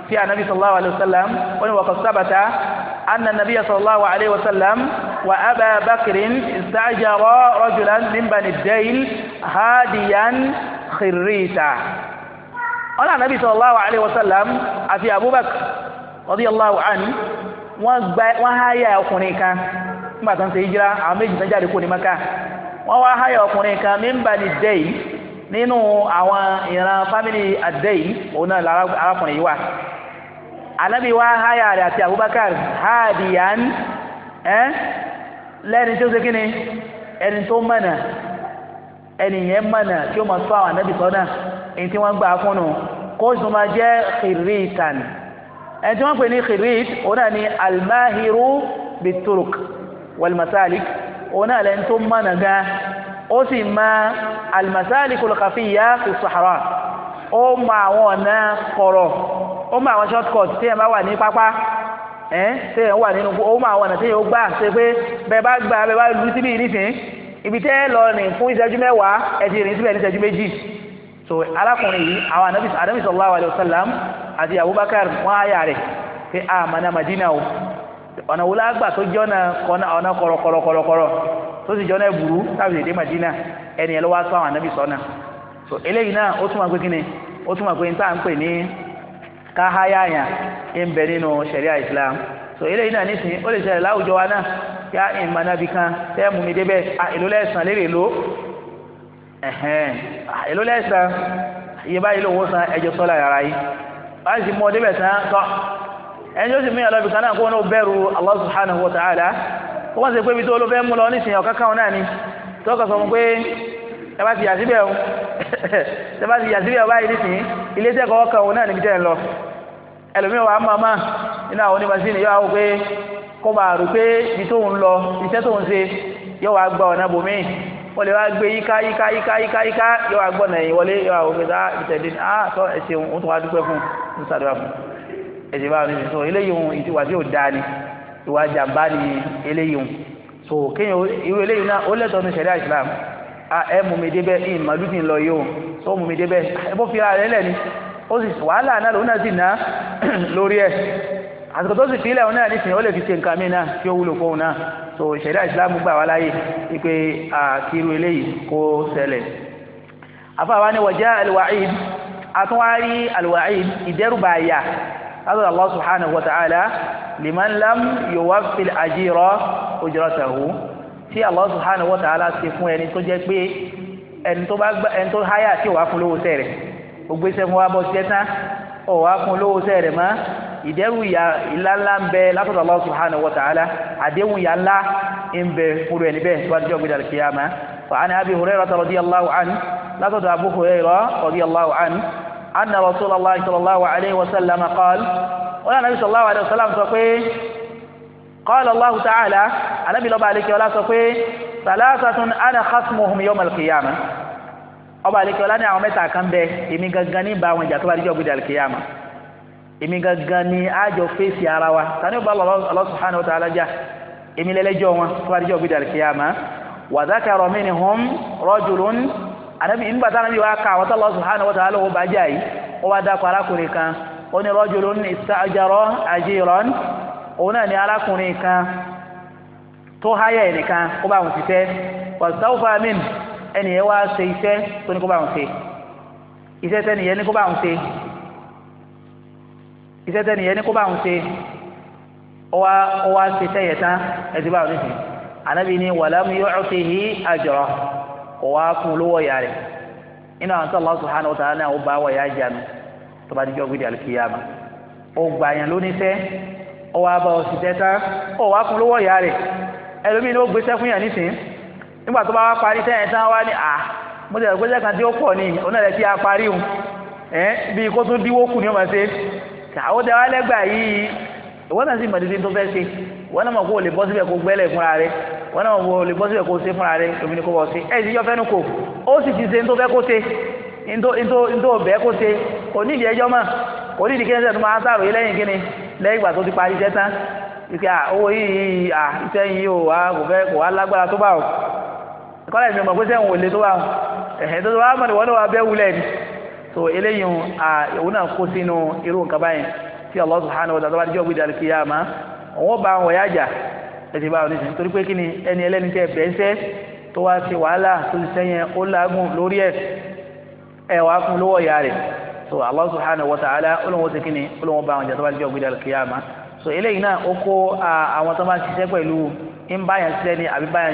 tí anabi sallallahu alayhi wa sallam ó أن النبي صلى الله عليه وسلم وأبا بكر استأجرا رجلا من بني الديل هاديا خريتا قال النبي صلى الله عليه وسلم أفي أبو بكر رضي الله عنه وهايا أخنيكا ما كان هجرة عميج تنجاري كوني مكة وهايا أخنيكا من بني الديل nínú أوان ìran fámìlì àdéyìí òun náà lára anabi wa haya rẹ̀ àti abubakar hadiyan ẹ́ lẹ́ni tí ó ṣe kíni ẹni tó mọ̀nà ẹni yẹn mọ̀nà tí ó mọ̀ tó àwọn anabi sọ́nà èyí tí wọ́n gbà fún un kó sùn máa jẹ́ kìrìtàn ẹni tí wọ́n pè ní kìrìt òun náà ni almahiru bituruk walmasalik òun náà tó mọ̀nà gan ó sì mọ almasalikul khafiya fi sahara ó mọ àwọn ọ̀nà kọ̀rọ̀ ó mọ àwọn short cut tí ẹ máa wà ní pápá ẹ tí ẹ wà nínú ó mọ àwọn ọ̀nà tí ẹ ó gbà ṣe pé bẹ́ẹ̀ bá gbà bẹ́ẹ̀ bá lu síbi nísìn ibi tẹ́ ẹ lọ rìn fún ìṣẹ́jú mẹ́wàá ẹ ti rìn síbẹ̀ ní ìṣẹ́jú méjì so alákùnrin yìí àwọn anabi anabi sallallahu alayhi wa sallam àti abubakar wọn á yà rẹ̀ pé a mọ̀nà madina o ọ̀nà wo lágbà tó jọ́nà ọ̀nà kọ̀rọ̀kọ̀rọ̀kọ̀rọ̀ tó sì jọ́nà ẹ̀bùrú táwọn èdè madina ẹni ẹ̀ lọ́wọ́ á tó àwọn anabi sọ́nà so eléyìí náà ó túmọ̀ pé kíni ó túmọ̀ pé ní tá ń pè ní ka ha yàn ń bẹ nínú islam so ile náà n'isi o lè ṣẹlẹ̀ láwùjọ wa kan mi a iye san ẹni kan Allah subhanahu wa ta'ala kó wọ́n ṣe pé ibi tó ló fẹ́ mú lọ nísìnyí ọ̀ká káwọn náà ni sọ fún ẹ b'a ti yà síbẹ̀ ẹ bá ti yà síbẹ̀ báyìí nísìnyí ilé iṣẹ́ kọ̀ọ̀kan na náà níbi tẹ́ ẹlòmíì wà á máa máa nínú àwọn onímọ̀síìnì yóò wá pé kó bá rò pé ibi tó ń lọ iṣẹ́ tó ń ṣe yóò wá gba ọ̀nà bòmí wọ́n lè wá gbé yíká yíká yíká yíká yíká yóò wá gbọ́nà ẹ̀yìn wọlé yóò wá wọ́n gbèsè ah, ìtẹ̀dé ah tọ́ ẹ ṣeun ó tún wá dúpẹ́ fún un ṣàdúrà fún ẹ ṣe báwọn ẹ̀ṣẹ̀ sọ eléyìí ohun ìtiwà tí ò dáa ni ìwà jàǹbá ni Islam ah, ẹ mú mi débẹ̀ ìmọ̀lúdìn lọ yìí ó sọ mú mi débẹ̀ ẹ bó fi ara rẹ lẹ́ni ó sì wàhálà náà lòun náà sì ná lórí ẹ̀ àsìkò tó sì fílẹ̀ òun náà nísìnyí ó lè fi ṣe nǹkan mí náà tí ó wúlò fóun náà so ìṣẹ̀dá Islam gbà wá láyè wípé àkírú eléyìí kó ṣẹlẹ̀ afáwa ni wàjá alwa'id atúwárí alwa'id ìdẹ́rùbà àyà látọ̀dọ̀ Allah subhanahu wa ta'ala liman lam yuwaffi al-ajira ujratahu tí Allah subhanahu wa ta'ala ṣe fún ẹni tó jẹ́ pé ẹni tó háyà tí ò fún lówó sẹ́rẹ̀ gbogbo iṣẹ́ wọn wá bọ́ ṣiṣẹ́ tán ọ̀ wá fún olówó iṣẹ́ rẹ̀ mọ́ ìdẹ́rù ìyà ńlá ńlá ń bẹ látọ̀dọ̀ Allah subhanahu wa ta'ala àdéhùn ìyà ńlá ń bẹ fúru ẹni bẹ́ẹ̀ tó bá jẹ́ ògbé dàlùkì yá ma fa an Abi Hurairah radiyallahu anhu látọ̀dọ̀ Abu Hurairah radiyallahu anhu anna Rasulullah sallallahu alayhi wa sallam qala wọn náà nàbí sallallahu alayhi wa sallam ọba àlekè ọlá ní àwọn mẹ́ta kan bẹ èmi gangan ní bá àwọn ìjà tó bá dijọ́ gbèdé àlùkìyàmà èmi gangan ní àjọ fèsì ara wa tani ó bá Allah subhanahu wa ta'ala já èmi lẹ́lẹ́jọ́ wọn tó bá dijọ́ gbèdé àlùkìyàmà wa dhakara minhum rajulun ànábì nígbà táwọn bí wàá ka àwọn tó Allah subhanahu wa ta'ala ó bá já yìí ó wá dákọ̀ arákùnrin kan ó ní rajulun ista'jara ajiran òun náà ní arákùnrin kan tó háyà ẹnìkan ó bá wọn ti ẹnìyẹn wá ṣe iṣẹ́ tó ní kó bá wọn ṣe iṣẹ́ tẹ́nìyẹn ní kó bá wọn ṣe iṣẹ́ tẹ́nìyẹn ní kó bá wọn ṣe ọwá ọwá ṣe tẹ́yẹ tán ẹtì bá wọn ṣe ànábì ní wàlámù yóò ṣe yí àjọ kò wá fún olówó ìyá rẹ̀ inú àwọn tó Allah subhanahu wa náà ó bá wọ̀ ya jánu tó bá dijọ́ gbé dàlú kíyàmá ó gbà yẹn lóníṣẹ́ ó wá bá ọ ṣiṣẹ́ tán ó wá fún olówó ìyá rẹ̀ ẹlòmíín ló gbéṣẹ́ fún yàn nísìnyí nígbà tó bá wá parí sẹ́yìn tán wá ní à ah, mo tẹ̀lé pẹ́sẹ́ kan tí ó pọ̀ ní onílẹ̀ tí a parí hùn ẹ́ bí kó tún díwó kù ní ọmọ ṣe àwọn tẹ wá lẹ́gbàá yìí ìwọ náà sì mọ̀ títí tó fẹ́ ṣe ìwọ náà mọ̀ kó o lè bọ́ síbẹ̀ kó gbẹ́lẹ̀ fúnra rẹ ìwọ náà mọ̀ kó o lè bọ́ síbẹ̀ kó o ṣe fúnra rẹ lómi ni kó o ṣe ẹ̀ sì fẹ́nu kò ó sì ti ṣe ní tó fẹ́ kó ṣe ní tó bẹ́ẹ̀ kó ṣe kò ní ìdí mọ̀ kò ní ìdí kí tó máa sáré lẹ́yìn kíni lẹ́yìn ìgbà tó ti parí iṣẹ́ tán ìpè ah, owó yìí à ah, yìí ò wá kò fẹ́ kò wá lágbára tó bá o kọ́lá ìmọ̀ pé sẹ́wọ̀n ò lè tó wà ẹ̀hẹ́ tó wà mọ̀ni wọ́n wà bẹ́ wulẹ̀ ni so eléyìí òun náà kó sínú irú nǹkan báyìí tí Allah subhanahu wa ta'ala jọ́ gbìdàrí kí yá ma òun bá wọn yá jà ẹ̀sìn báwọn nísìnyí torí pé kí ni ẹni ẹlẹ́ni tẹ́ bẹ́ẹ̀sẹ́ tó wá sí wàhálà tó ti sẹ́yìn ó lágùn lórí ẹ̀ ẹ̀ fún lówó ìyá rẹ̀ so Allah subhanahu wa ta'ala olóhùn ti kí ni olóhùn bá wọn jà tó bá jọ́ so eléyìí náà ó kó àwọn tó bá ṣiṣẹ́ pẹ̀lú ń báyàn ṣiṣẹ́ ni àbí báyàn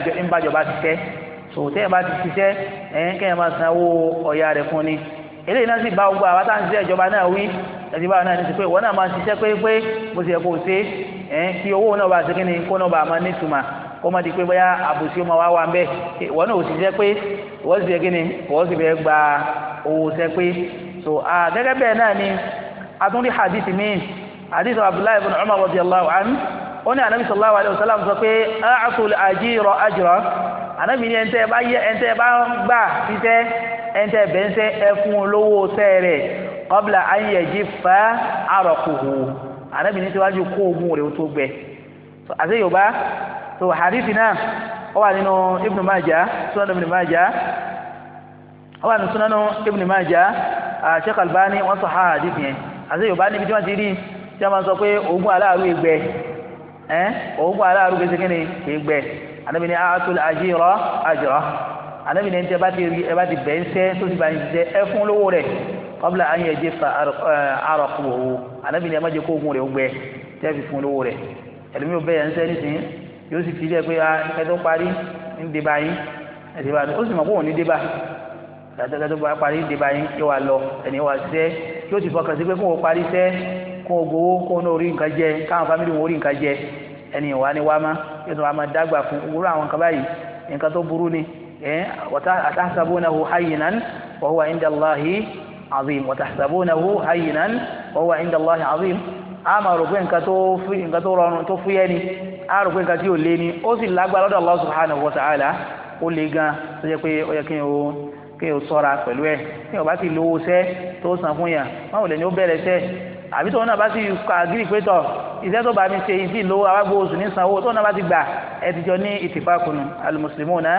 so tẹ́yìn bá ti ṣiṣẹ́ ẹ̀yìn kẹ́yìn máa san ọ̀yà rẹ̀ fún ni eléyìí náà sì bá gbogbo àwọn táwọn ṣiṣẹ́ ìjọba náà wí ẹ̀sìn báwọn náà ti pé ìwọ náà máa ṣiṣẹ́ pé pé bó ṣe yẹ o ṣe ẹ̀yìn kí owó náà bá ṣe kí ni kó náà bá máa nítumà kó má di pé bóyá o ọmọ wa ń bẹ ìwọ náà ò ṣiṣẹ́ pé ìwọ sì fẹ́ kí ni ìwọ sì gba owó ṣẹ́ pé so gẹ́gẹ́ bẹ́ẹ̀ abdullahi ibn umar anhu ó ní anabi alayhi wa sallam ànábì ní ẹ̀ńtẹ́ bá yẹ ẹ̀ńtẹ́ bá gbà títẹ́ ẹ̀ńtẹ́ bẹ́ńsẹ́ ẹ̀fún olówó sẹ́ rẹ̀ ọ̀bìlà ayẹyẹjì fà àrọ̀kùhù ànábì ní síwájú kó ogun rẹ̀ tó gbẹ. àti yorùbá tó hadith náà ó wà nínú ibn Majah sunan ibn Majah ó wà nínú sunan ibn Majah Sheikh Albani wọ́n sọ hadith yẹn àti yorùbá níbi tí wọ́n ti rí tí wọ́n máa sọ pé ogun aláàrú ìgbẹ́ ogun aláàrú gbèsè kí ni ìgbẹ́ anabi ni atul ajira ajra anabi ni ẹnití ẹ bá ti rí ẹ bá ti bẹ̀ ń sẹ́ tó ti bá ń jẹ ẹ fún lówó rẹ̀ qabla an yajifa araquhu anabi ni ẹ má jẹ kó gun rẹ̀ ó gbẹ tẹ́ fi fún lówó rẹ̀ ẹlòmíì bẹ́ẹ̀ yẹn ń sẹ́ nísìnyí yóò sì fi ilé pé ah, a ó sì mọ̀ kó òun ní deba dàtẹ́tẹ́ tó parí ń deba yín yóò wá lọ ẹni wá sẹ́ yóò ti fọkàn sí pé kó o parí sẹ́ kó o gbowó kó o náà orí nǹkan jẹ káwọn fámìlì wọn orí nǹkan ẹni ìwà ni wá má yóò tún wá má dágbà fún wúrú àwọn kaba yìí nǹkan tó burú ni wàtàṣàbónahu hayyinan wa huwa inda Allahi azim wàtàṣàbónahu hayyinan wa huwa inda Allahi azim a máa rò pé nǹkan tó rọrùn tó fúyẹ́ ni a rò pé nǹkan tí ò lé ni ó sì lágbára lọ́dọ̀ Allah subhanahu wa ta'ala ó le gan tó jẹ́ pé ó yẹ kí n kí n ò pẹ̀lú ẹ̀ kí n bá ti lówó sẹ́ tó san fún yàn báwo lẹ́ni ó bẹ̀rẹ̀ sẹ́ àbí tóun náà bá sì kà gírì pé tọ̀ iṣẹ́ tó bá mi ṣe ìdí ìlówó awágbó oṣù ní sanwó tóun náà bá ti gbà ẹ ti jọ ní ìtìfàkùnù al-muslimuna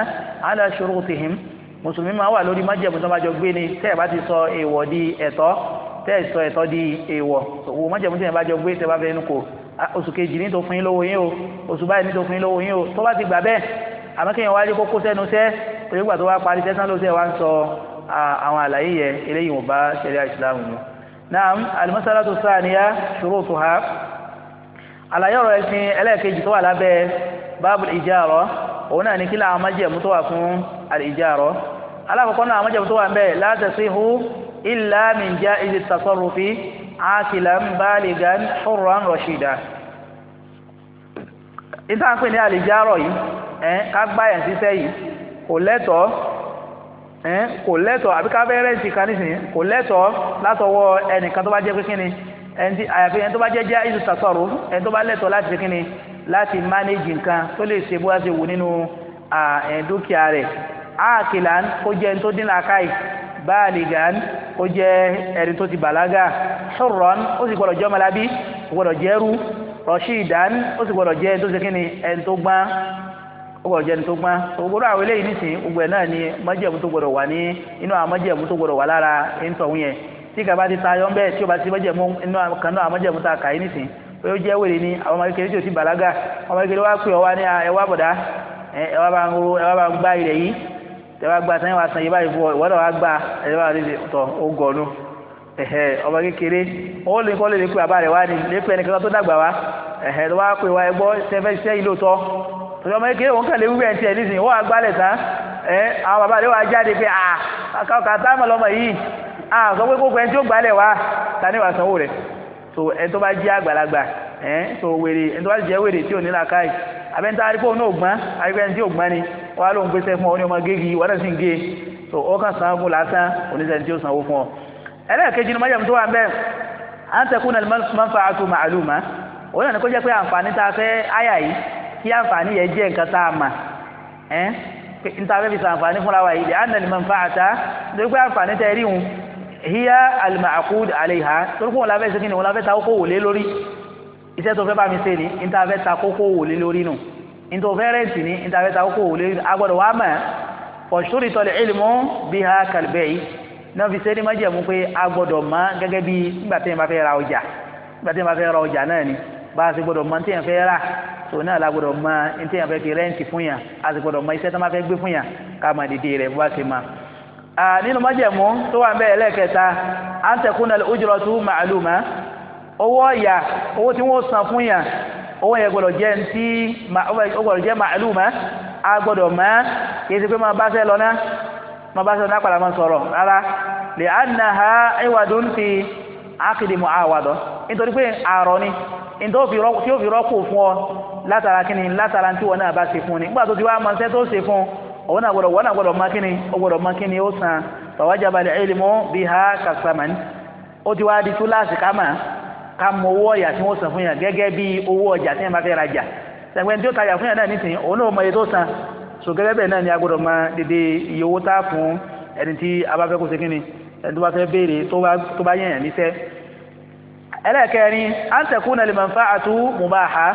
ala shurutihim mùsùlùmí máa wà lórí májẹ̀mú tó bá jọ gbé ni tẹ́ ẹ̀ bá ti sọ èèwọ̀ di ẹ̀tọ́ tẹ́ ẹ̀ sọ ẹ̀tọ́ di èèwọ̀ òwò májẹ̀mú tẹ́ ẹ̀ bá jọ gbé tẹ́ bá fẹ́ nu kò oṣù kejì ní tó fún yín lówó yín o oṣù báyìí ní tó fún yín lówó yín o tó bá ti gbà bẹ́ẹ̀ àmọ́ kéèyàn wá rí kókó sẹ́nu sẹ́ onígbà tó wá parí sẹ́sán ló sẹ́ wá ń naam alimasalatu saniya shurutuha àlàyé ọ̀rọ̀ ẹ̀sìn ẹlẹ́ẹ̀kejì tó wà lábẹ́ báàbù ìjárọ òun náà ní kí làwọn májẹ̀mú tó wà fún àlìjárọ alákọ̀ọ́kọ́ náà àwọn májẹ̀mú tó wà ń bẹ̀ la tasihu illa min ja'izi tasarrufi akilan baligan hurran rashida ìtàn pè ní àlìjárọ yìí ẹ̀ ká gbáyà síṣẹ́ yìí kò lẹ́tọ̀ọ́ ẹn kò lẹ́tọ̀ àbí ká fẹ́ rẹ́ǹtì kan nísìnyí kò lẹ́tọ̀ látọwọ́ ẹnìkan tó bá jẹ́ pé kíni ẹni àyàfi ẹni tó bá jẹ́ jẹ́ ìlú sàtọ̀rọ̀ ẹni tó bá lẹ́tọ̀ láti ṣe kíni láti mánéjì nǹkan tó lè ṣe bó wá ṣe wù nínú dúkìá rẹ̀ áàkìlán kó jẹ́ ẹni tó dín làákàyè báàlìgàn ó jẹ́ ẹni tó ti bàlágà ṣùrọ̀n ó sì gbọ́dọ̀ jẹ́ ọmọlábí gbọ́dọ̀ jẹ́rú rọ̀ṣídàn ó sì gbọ́dọ̀ jẹ́ ẹni tó ṣe kíni ó gbọ́dọ̀ jẹ́ni tó gbọ́n ògbóró àwọn eléyìí nísìnyí gbogbo ẹ̀ náà ni májẹ̀mú tó gbọ́dọ̀ wà ní inú àwọn májẹ̀mú tó gbọ́dọ̀ wà lára ẹ̀ńtọ̀hún yẹn tí kaba ti tayọ ńbẹ tí o bá ti májẹ̀mú inú kan náà májẹ̀mú tá a kà í nísìnyí pé ó jẹ́ wèrè ni àwọn ọmọ kékeré tí o ti bàlágà ọmọ kékeré wa pè ọ wa ní ẹ wá bọ̀dá ẹ wá bá ń ẹ wá bá ń gbá ilẹ̀ yìí tẹ wá gba sẹ́yìn wá san yìí báyìí fún ọ ìwọ ọmọ kékeré ó lè kọ́ lè lè pè àbá rẹ̀ wá ni lè pè ẹnìkan tó dàgbà wá ẹ̀hẹ́ tó pè wá ẹgbọ́ sẹ́fẹ́ sẹ́yìn lóòótọ́ tọ́jú ọmọ kékeré òun kàlẹ́ wíwẹ̀ tiẹ̀ nísìnyí wọ́n agbálẹ̀ tán ẹ àwọn bàbá rẹ̀ wá jáde pé àkàkà táàmù lọ́mọ yìí à sọ pé gbogbo ẹni tí ó gbálẹ̀ wá ta ni sanwó rẹ̀ so ẹni tó bá jẹ́ àgbàlagbà ẹ so wèrè ẹni tó bá jẹ́ wèrè tí ò ní làákàyè àbẹ́ntà arípò náà gbọ́n arípò ẹni tí ò gbọ́n ni wọ́n á lóun gbé sẹ́fún ọ ní ọmọ so ó kàn san fún lásán oníṣẹ́ni tí ó sanwó fún ọ. ẹlẹ́ẹ̀kejì ni kí àǹfààní yẹn jẹ́ nǹkan tá a mà ẹ́ níta fẹ́ fi sàn àǹfààní fúnra wa yìí lẹ́yìn ànàlì mọ̀nfà àtà nítorí pé àǹfààní tẹ́ rí wọn hiya alimakud aleha torí pé wọn la fẹ́ ṣe kí ni wọn la fẹ́ ta kókó wòlé lórí iṣẹ́ tó fẹ́ bá mi ṣe ni níta fẹ́ ta kókó wòlé lórí nù níta fẹ́ rẹ́ǹtì ni níta fẹ́ ta kókó wòlé lórí agbọ́dọ̀ wàá mọ̀ fọ̀ṣúrì tọ́lẹ̀ ìlmù bí ha kàlùbẹ́ yìí náà fi ṣe ní májẹ̀mú pé agbọ́dọ̀ mọ̀ gẹ́gẹ́ bí nígbà tí yẹn bá fẹ́ ra ọjà nígbà tí yẹn bá fẹ́ ra ọjà náà ni bá a ṣe gbọ́dọ̀ mọ ntẹ̀yàn fẹ́ rà tó náà la gbọ́dọ̀ mọ ntẹ̀yàn fẹ́ fi rẹ́ǹtì fún yàn a sì gbọ́dọ̀ mọ iṣẹ́ tó máa fẹ́ gbé fún yàn ká máa dìde rẹ̀ bó bá ṣe máa nínú májẹ̀mú tó wà bẹ́ẹ̀ lẹ́ẹ̀kẹta an takuna al-ujratu ma'luma owó ọ̀yà owó tí wọ́n san fún yà owó yẹ gbọ́dọ̀ jẹ́ tí ó gbọ́dọ̀ jẹ́ ma'luma a gbọ́dọ̀ mọ́ kìí sí pé máa bá sẹ́ lọ náà máa bá sẹ́ lọ náà padà máa sọ̀rọ̀ nítorí pé àrọ̀ ni tí ó fi rọ́pò fún ọ látara kíni látara tí wọn náà bá ṣe fún ni nígbà tó ti wá mọṣẹ́ tó ṣe fún òun náà gbọ́dọ̀ wọ́n náà ó gbọ́dọ̀ mọ kíni ó san fàwájàba ilmu biha kasaman ó ti wá di túláàsì kámà ká mọ owó ọ̀yà tí wọ́n san fún yàn gẹ́gẹ́ bí owó ọjà tí yàn bá fẹ́ rajà sẹ́gbẹ́ni tí ó tajà ni a gbọ́dọ̀ mọ dédé iye owó ẹni tí a fẹ́ kó tó bá yẹ̀yàn níṣẹ́ ẹlẹ́ẹ̀kẹrin à ń tẹ̀kún náà lè máa ń fa àtú mùbáhà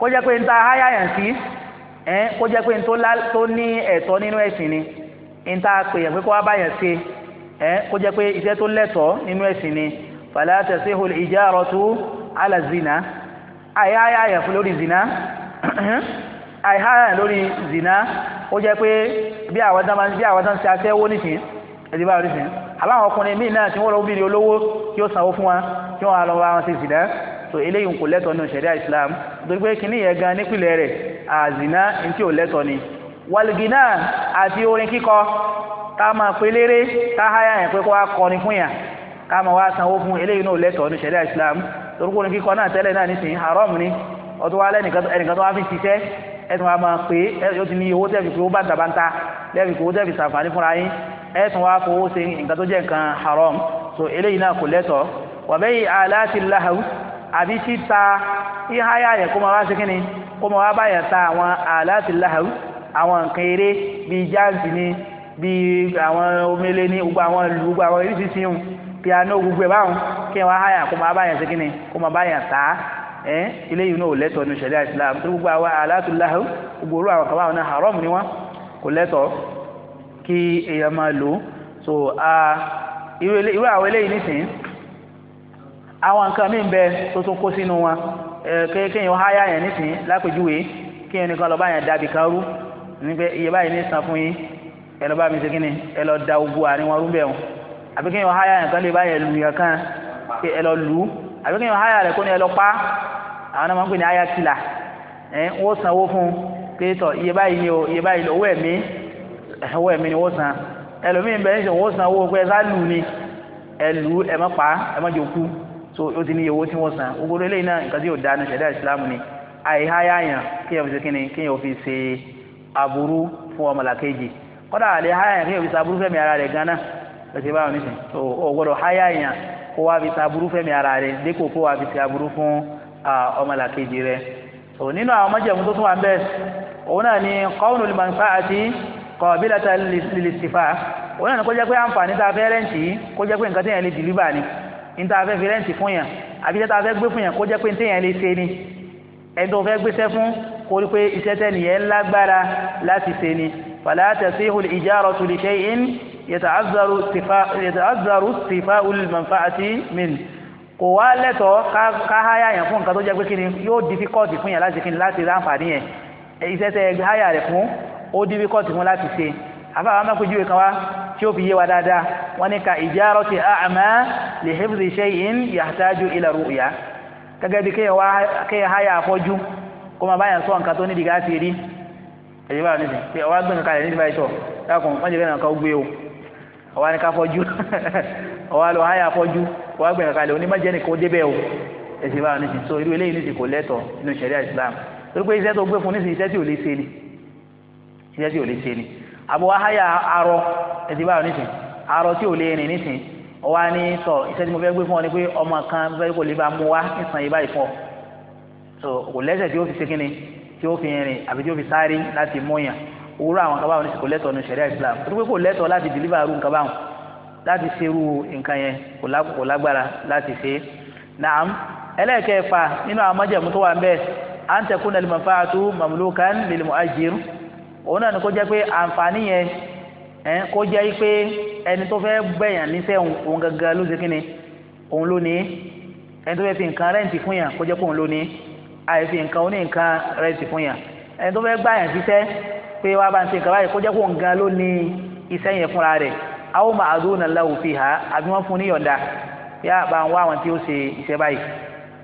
kó jẹ́ pé ń ta háyà yàn sí ẹ̀ kó jẹ́ pé ń tó ní ẹ̀tọ́ nínú ẹ̀sìn ni ń ta pè yàn pé kó wá bá yàn ṣe kó jẹ́ pé iṣẹ́ tó lẹ́tọ̀ọ́ nínú ẹ̀sìn ni fàlà tẹ̀síhù ìjárọ̀tú àlà zina àyáyà yàn fún lórí zina àyáyà yàn lórí zina ó jẹ́ pé bí àwọn tán ṣe aṣẹ́wó nísìn ẹ̀ aláwọn ọkùnrin míì náà tí wọ́n lọ obìnrin olówó yóò sanwó fún wa kí wọ́n lọ wá wọn sí zìnà so eléyìí kò lẹ́tọ̀ọ́ nínú ṣẹ̀ríà Islam torí pé kìnìún yẹn gan nípìnlẹ̀ rẹ̀ àzìnà ntí ò lẹ́tọ̀ọ́ ni wàlìgínà àti orin kíkọ ká máa pe léré ká háyà yẹn pé kó wá kọrin fún yàn ká máa wá sanwó fún eléyìí náà lẹ́tọ̀ọ́ nínú ṣẹ̀ríà Islam torí pé orin kíkọ náà tẹ́lẹ̀ náà nísìnyí haram ni ọdún wa lẹ́nìkan tó wá fi ṣiṣẹ́ ẹnu wa máa pè é ó ti ní owó tẹ́ẹ̀fì pé ó bá ń tabanta tẹ́ẹ̀fì pé ó tẹ́ẹ̀fì sàǹfààní fúnra yín ẹ wa wá fowó ṣe nǹkan tó jẹ́ nǹkan haram so eléyìí náà kò lẹ́tọ̀ọ́ wa bay'i alati lahu àbí títa ìháyà yẹn kó máa wá sí kínni kó máa wá báyà ta àwọn alati lahu àwọn nǹkan eré bíi jáàsì ni bíi àwọn omele ni gbogbo àwọn ìlú gbogbo àwọn oríṣiríṣi ń piano gbogbo ẹ̀ báwọn kí wọ́n háyà kó máa báyà sí kínni kó máa báyà ta ẹ́ eléyìí náà ò lẹ́tọ̀ọ́ ní ṣẹ̀ríà Islam tó gbogbo àwọn alati lahu gbogbo orú àwọn kàwá àwọn haram ni wọ́n kò lẹ́tọ̀ọ́ kí èèyàn máa lò so irú àwọn eléyìí nísìnyí àwọn nǹkan míì ń bẹ tó tún kó sínú wọn kéèyàn háyà yẹn nísìnyí lápèjúwe kéèyàn nìkan lọ́ọ́ bá yẹn dàbí kárú nígbẹ́ iye báyìí ní san fún yín ẹ lọ́ọ́ bá mi ṣe kínní ẹ lọ́ọ́ da ogun àárín wọn rúbẹ̀ wọn àbí kéèyàn háyà yẹn kan lè bá yẹn lu yẹn kan ẹ lọ́ọ́ lù ú àbí kéèyàn háyà rẹ̀ kó ní ẹ lọ́ọ́ pa àwọn náà máa ń pè ní háyà kìlà ẹ̀ wọ́n sanwó fún un pé ẹ̀wọ́ ẹ̀mí ni wọ́n san ẹlòmíín bẹ́ẹ̀ ṣe wọ́n san owó pé ẹ̀sá lù ni ẹ̀lù ẹ̀mọ́ pa ẹ̀mọ́ jẹ òkú so ó ti ní iye owó tí wọ́n san gbogbo eléyìí náà nǹkan tí yóò dáa ní ṣẹ̀dá ìsìlámù ni àìháyàyàn kéèyàn fi ṣe kíni kéèyàn fi ṣe aburú fún ọmọlàkejì kọ́dà àlẹ́ háyàyàn kéèyàn fi ṣe aburú fẹ́mi ara rẹ̀ gan-an so ó gbọ́dọ̀ háyàyàn kó wá fi ṣe aburú fẹ́mi ara rẹ̀ dípò kó wá fi ṣe so nínú àwọn ọmọ jẹ̀mú tó òun náà ni kọ́ọ̀nù lè máa ń qabilatan lil-istifah òun náà ni kó jẹ́ pé àǹfààní tá fẹ́ rẹ́ǹtì kó jẹ́ pé nǹkan téèyàn lè dìlíbà ni ní tá a fẹ́ fi rẹ́ǹtì fún yàn àbí tá a fẹ́ gbé fún yàn kó jẹ́ pé téèyàn lè ṣe ni ẹni tó fẹ́ gbéṣẹ́ fún kó rí pé iṣẹ́ tẹ́nìyẹn lágbára láti ṣe ni fala tasihu kò wá lẹ́tọ̀ọ́ ká háyà yẹn fún nǹkan tó jẹ́ pé kí ni yóò difficult fún yàn láti kí ni láti ráǹfààní yẹn iṣẹ́ tẹ́ háyà rẹ̀ fún ó difficult wọn láti ṣe àfa àwọn amákòjúwe kan wá tí ó fi yé wa dáadáa wọn ní ka ijarati a'ma li hifzi shay'in yahtaju ila ru'ya gẹ́gẹ́ bí kéèyàn wá kéèyàn háyà afọ́jú kó máa báyà sọ nǹkan tó ní dìgá ti rí èyí bá nísìn pé ọwá gbé nǹkan rẹ̀ ní ìbáyìí sọ dákun wọ́n jẹ́ nǹkan gbé o ọwá ní ká fọ́jú ọwá lọ háyà afọ́jú ọwá gbé nǹkan rẹ̀ onímọ̀jẹ́ nìkan Islam torí pé iṣẹ́ tó gbé fún iṣẹ́ tí ò lè ṣe ni àbọ̀ wá háyà arọ ẹtì báyọ̀ nísìn arọ tí ò lè rìn nísìn ọwọ́ á ní sọ iṣẹ́ tí mo fẹ́ gbé fún ọ ni pé ọmọ kan fẹ́ kò lè bá mú wá ìsàn yìí báyìí fún ọ so kò lẹ́sẹ̀ tí ó fi ṣe kíni tí ó fi rìn àbí tí ó fi sáré láti múyàn òwúrọ̀ àwọn kaba wọn kò lẹ́tọ̀ọ́ ní sẹ̀ríà Islam torí pé kò lẹ́tọ̀ọ́ láti deliver irú nǹkan báwọn láti ṣe irú nǹkan yẹn kò lágbára láti ṣe é naam ẹlẹ́ẹ̀kẹfà nínú àwọn májẹ̀mú tó wà ń bẹ́ẹ̀ à ń tẹ̀kún nàlẹ́ mọ̀fáàtú mamlukan lil òun náà ni kó jẹ́ pé àǹfààní yẹn ẹ̀ kó jẹ́ pé ẹni tó fẹ́ bẹ̀yàn níṣẹ́ òun gangan ló ṣe kíni òun ló ní ẹni tó fẹ́ fi nǹkan rẹ́ǹtì fún yàn kó jẹ́ pé òun ló ní àìfi nǹkan oní nǹkan rẹ́ǹtì fún yàn ẹni tó fẹ́ gbàyàn síṣẹ́ pé wàá bá ń ṣe nǹkan báyìí kó jẹ́ pé òun gan ló ní iṣẹ́ yẹn fúnra rẹ̀ àwọn ọmọ àdúrà ńlá òfin ha àbí wọ́n fún ní yọ̀ǹda yá ń wá àwọn tí ó ṣe iṣẹ́ báyìí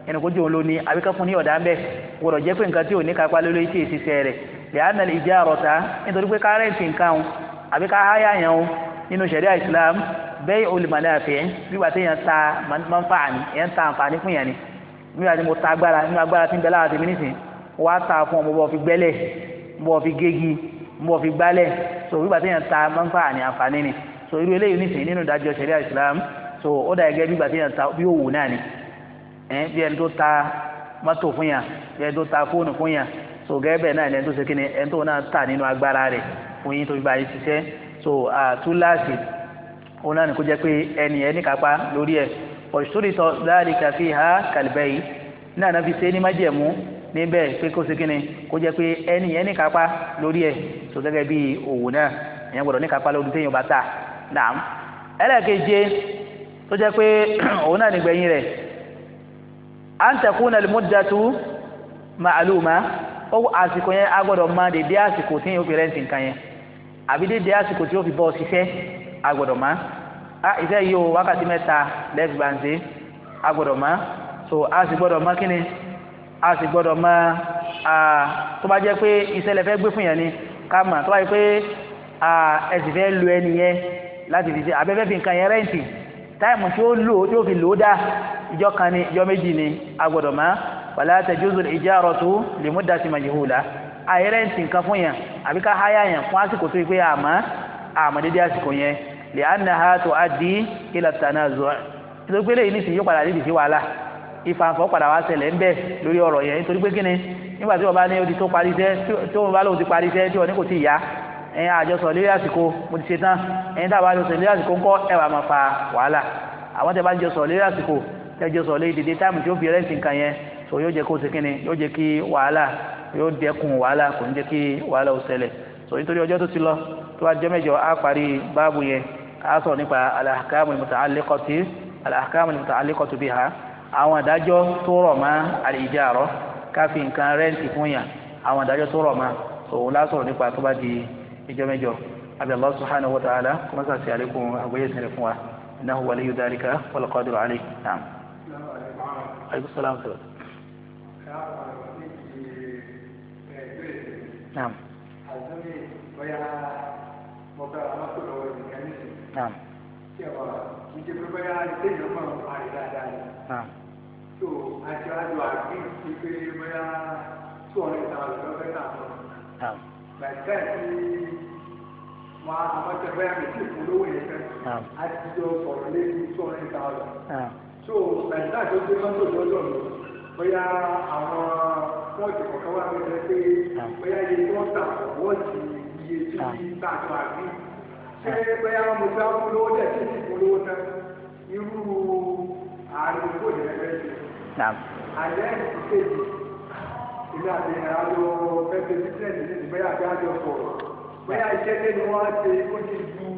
ẹni kó jẹ́ òun ló ní àbíkẹ́ fún ní ń bẹ̀ gbọ́dọ̀ jẹ́ pé nǹkan tí ò ní kápá lórí tí èsì iṣẹ́ rẹ̀ lẹ́yìn ìjà àrọ̀tá nítorí pé kárẹ́ǹtì nǹkan o àbí ká háyà yẹn o nínú ṣẹ̀ríà Islam bẹ́ẹ̀ olùmọ̀lẹ́ àfẹ́ wíwà tí yẹn ta manfaani yẹn ta àǹfààní fún yẹn ni wíwà tí mo ta agbára nínú agbára tí ń bẹ lára tèmi nìsín wàá ta fún ọ mo bọ̀ fi gbẹ́lẹ̀ mo fi gégi mo fi gbálẹ̀ so wíwà tí yẹn ta manfaani àǹfààní ni so irú eléyìí nìsín nínú ìdájọ́ Islam so ó dà gẹ́gẹ́ wíwà tí yẹn ta bí òwò ni ẹ̀ ta mọ́tò fún yàn so gẹ́gẹ́ bẹ́ẹ̀ náà ẹni tó ṣe kí ni ẹni tó náà tà nínú agbára rẹ̀ fún yín tó fi bá yín ṣiṣẹ́ so túláàsì òun náà ni jẹ́ pé ẹni ẹni kápá lórí ẹ̀ ọ̀ṣúrì láàrin kàfi ha kàlìbẹ́ yìí náà náà fi ṣe é ní májẹ̀mú níbẹ̀ pé kó ṣe kí ni kó jẹ́ pé ẹni ẹni kápá lórí ẹ̀ so gẹ́gẹ́ bí òwò náà ìyẹn gbọ́dọ̀ ní kápá lórí téèyàn bá tà náà ẹlẹ́ẹ̀keje tó jẹ́ pé òun náà nígbẹ̀yìn rẹ̀ à ń tẹ̀kún nàlùmọ́dàtú màálùmá àsìkò yẹn a gbọ́dọ̀ máa dédé àsìkò tí yóò fi rẹ́ǹtì nǹkan yẹn àbí dédé àsìkò tí yóò fi bọ́ ṣiṣẹ́ a gbọ́dọ̀ máa a iṣẹ́ yìí o wákàtí mẹ́ta lẹ́gbẹ̀ẹ́ gbàǹdé a gbọ́dọ̀ máa so a sì gbọ́dọ̀ máa kíni a sì gbọ́dọ̀ máa tó bá jẹ́ pé iṣẹ́ lẹ gbé fún yẹn ni ká mà tó bá yẹ pé ẹ sì fẹ́ lu ẹni yẹn láti fi ṣe àbẹ́fẹ́ fi nǹkan yẹn rẹ́ǹtì táìmù tí ó lò tí ó fi lò ó dá ìjọ kan ni ìjọ méjì ni a gbọ́dọ̀ máa wala tajuzu al-ijaratu li muddati majhula àyẹrẹǹtì nǹkan fún yẹn àbí ká háyà yẹn fún àsìkò tó yẹ pé àmọ́ àmọ́ li àsìkò yẹn li'annaha tu'addi ila at-tanazu' nítorí pé lẹ́yìn nísìnyí padà níbi sí wàhálà ìfànfọ́ padà wá ṣẹlẹ̀ ń bẹ̀ lórí ọ̀rọ̀ yẹn nítorí pé kíni nígbà tí wọ́n bá ní odi tó parí iṣẹ́ tí wọ́n bá lóun ti parí iṣẹ́ tí wọ́n ní kò tí ì yá ẹ̀yin àjọsọ lórí àsìkò mo ti ṣe tán ẹ̀yin tá a bá jọsọ lórí àsìkò ńkọ́ ẹ̀ wà máa fa wàhálà àwọn tẹ bá jọsọ lórí àsìkò tẹ jọsọ lórí dèdè táìmù tí ó fi rẹ́ǹtì nǹkan yẹn so yóò jẹ́ kó ṣe kíni yóò jẹ́ kí wàhálà yóò dẹ́kun wàhálà kò ní jẹ́ kí wàhálà ó ṣẹlẹ̀ so nítorí ọjọ́ tó ti lọ tó wá jẹ́ mẹ́jọ á parí báàbù yẹn á sọ nípa al-ahkamu al-muta'alliqati al-ahkamu al-muta'alliqati biha àwọn ìdájọ́ tó rọ̀ mọ́ al-ijara káfí nǹkan rẹ́ǹtì fún yàn àwọn ìdájọ́ tó rọ̀ mọ́ so òun lásọ̀rọ̀ nípa tó bá di ìjọ mẹ́jọ abi Allah subhanahu wa ta'ala kuma sa sai alaikum agwaye sare kuma innahu waliyyu dhalika wal qadiru alayhi na'am alaikum salam naam. àzọ́lé bóyá mo bẹ àwọn mọ́tò lọ́wọ́ ìdíkà nísìn. naam. tí ọ̀rọ̀ kì í ṣe pé bóyá téèyàn máa ń parí dáadáa ni. naam. tó àjọ àjọ àgbẹ̀ ti pé bóyá tó ọ̀rẹ́ ìta ọ̀rẹ́ lọ́fẹ́ náà lọ. naam. bàtà tí wọn àmọ́tẹ bóyá mi ti kún lówó yẹn fẹ́. naam. a ti jọ sọ̀rọ̀ lé ní tó ọ̀rẹ́ ìta ọ̀rẹ́. naam. tó bàtà tó dé mọ́tò lọ́dọ̀ mi bóyá àwọn wọ́ọ̀dì kọ̀ọ̀kan wà nílẹ̀ pé ah. bóyá iye tí wọ́n tà wọ́ọ̀dì iye tí ah. wọ́n tà tó àgbì. ṣé bóyá wọn mo fẹ́ polówó dẹ̀ tí kò polówó náà irú ààrùn kò ní ẹgbẹ́ ṣe. àlẹ́ ìkejì ilé àti àlọ́ pẹ́pẹ́ bísíǹsì ní ìgbéyà àti àjọ sọ̀rọ̀ bóyá iṣẹ́ tẹ́ni wọ́n ṣe ó ti ju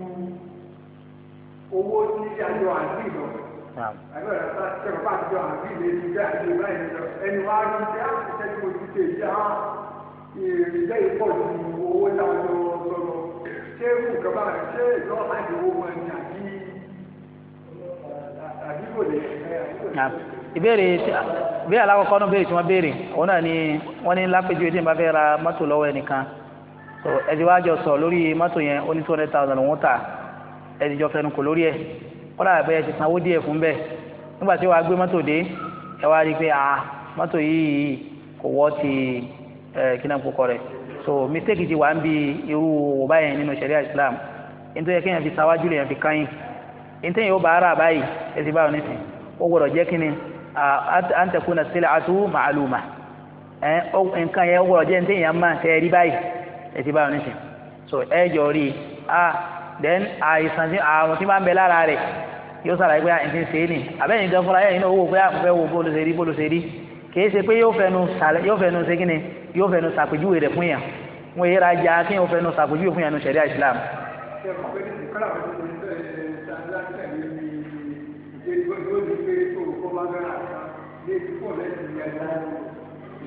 owó tí àjọ àgbì lọ. Àgbẹ̀rẹ̀ àti ṣẹ́kọ̀ọ́ àtijọ́ àbí ilé ìgbé àti ìgbà ìjọ ẹni wá rí ṣé á ti ṣẹ́ni mo ti ṣe yí àwọn ìrìnlẹ̀ ìpọ̀ ju owó táwọn lọ sọ̀rọ̀. Ṣé irú nǹkan bá rẹ̀ ṣé ìjọ máa ń dòwó wọn ni àbí àdúgbò lè ṣe? Ìbéèrè bí alákọ̀ọ́kọ́ náà béèrè tí wọ́n béèrè òun náà ni wọ́n ní lápèjúwe tí n bá fẹ́ ra mọ́tò lọ́wọ́ ẹnìkan ẹ̀dí sọ lórí mọ́tò yẹn ó ní two hundred thousand òun tà ẹ̀dí jọ fẹnu kò lórí ẹ̀ kọ́dà àgbẹ̀ ẹ ti sanwó díẹ̀ fún bẹ́ẹ̀ nígbà tí wàá gbé mọ́tò dé ẹ wá rí i pé ah mọ́tò yìí kò wọ́ ti kíná kókọ rẹ̀ so mistake ti wà ń bi irú òwò báyẹn nínú sẹ̀ríà Islam nítorí kéèyàn fi sáwájú lèèyàn fi káyìn nítorí yóò bá ara báyìí ẹ ti báyìí nísìn ó gbọdọ̀ jẹ́ kíni à ń tẹ̀kùn náà àtú màálùmá nǹkan yẹn ó gbọdọ̀ so ẹ jọ rí then àìsàn tí àrùn tí máa ń bẹ lára rẹ̀ yóò sàlàyé pé àìsàn ah, ṣe é nì àbẹ́yìn gan fúnra yẹn owó pé àfẹ́ ah, wo bó ló ṣe rí bó ló ṣe rí kìí ṣe pé yóò fẹnu ṣe kí ni yóò fẹnu ṣàpèjúwe rẹ̀ fún yàn wọn èyí rajà kí yóò fẹnu ṣàpèjúwe fún yàn ní ṣẹ̀ríà Islam.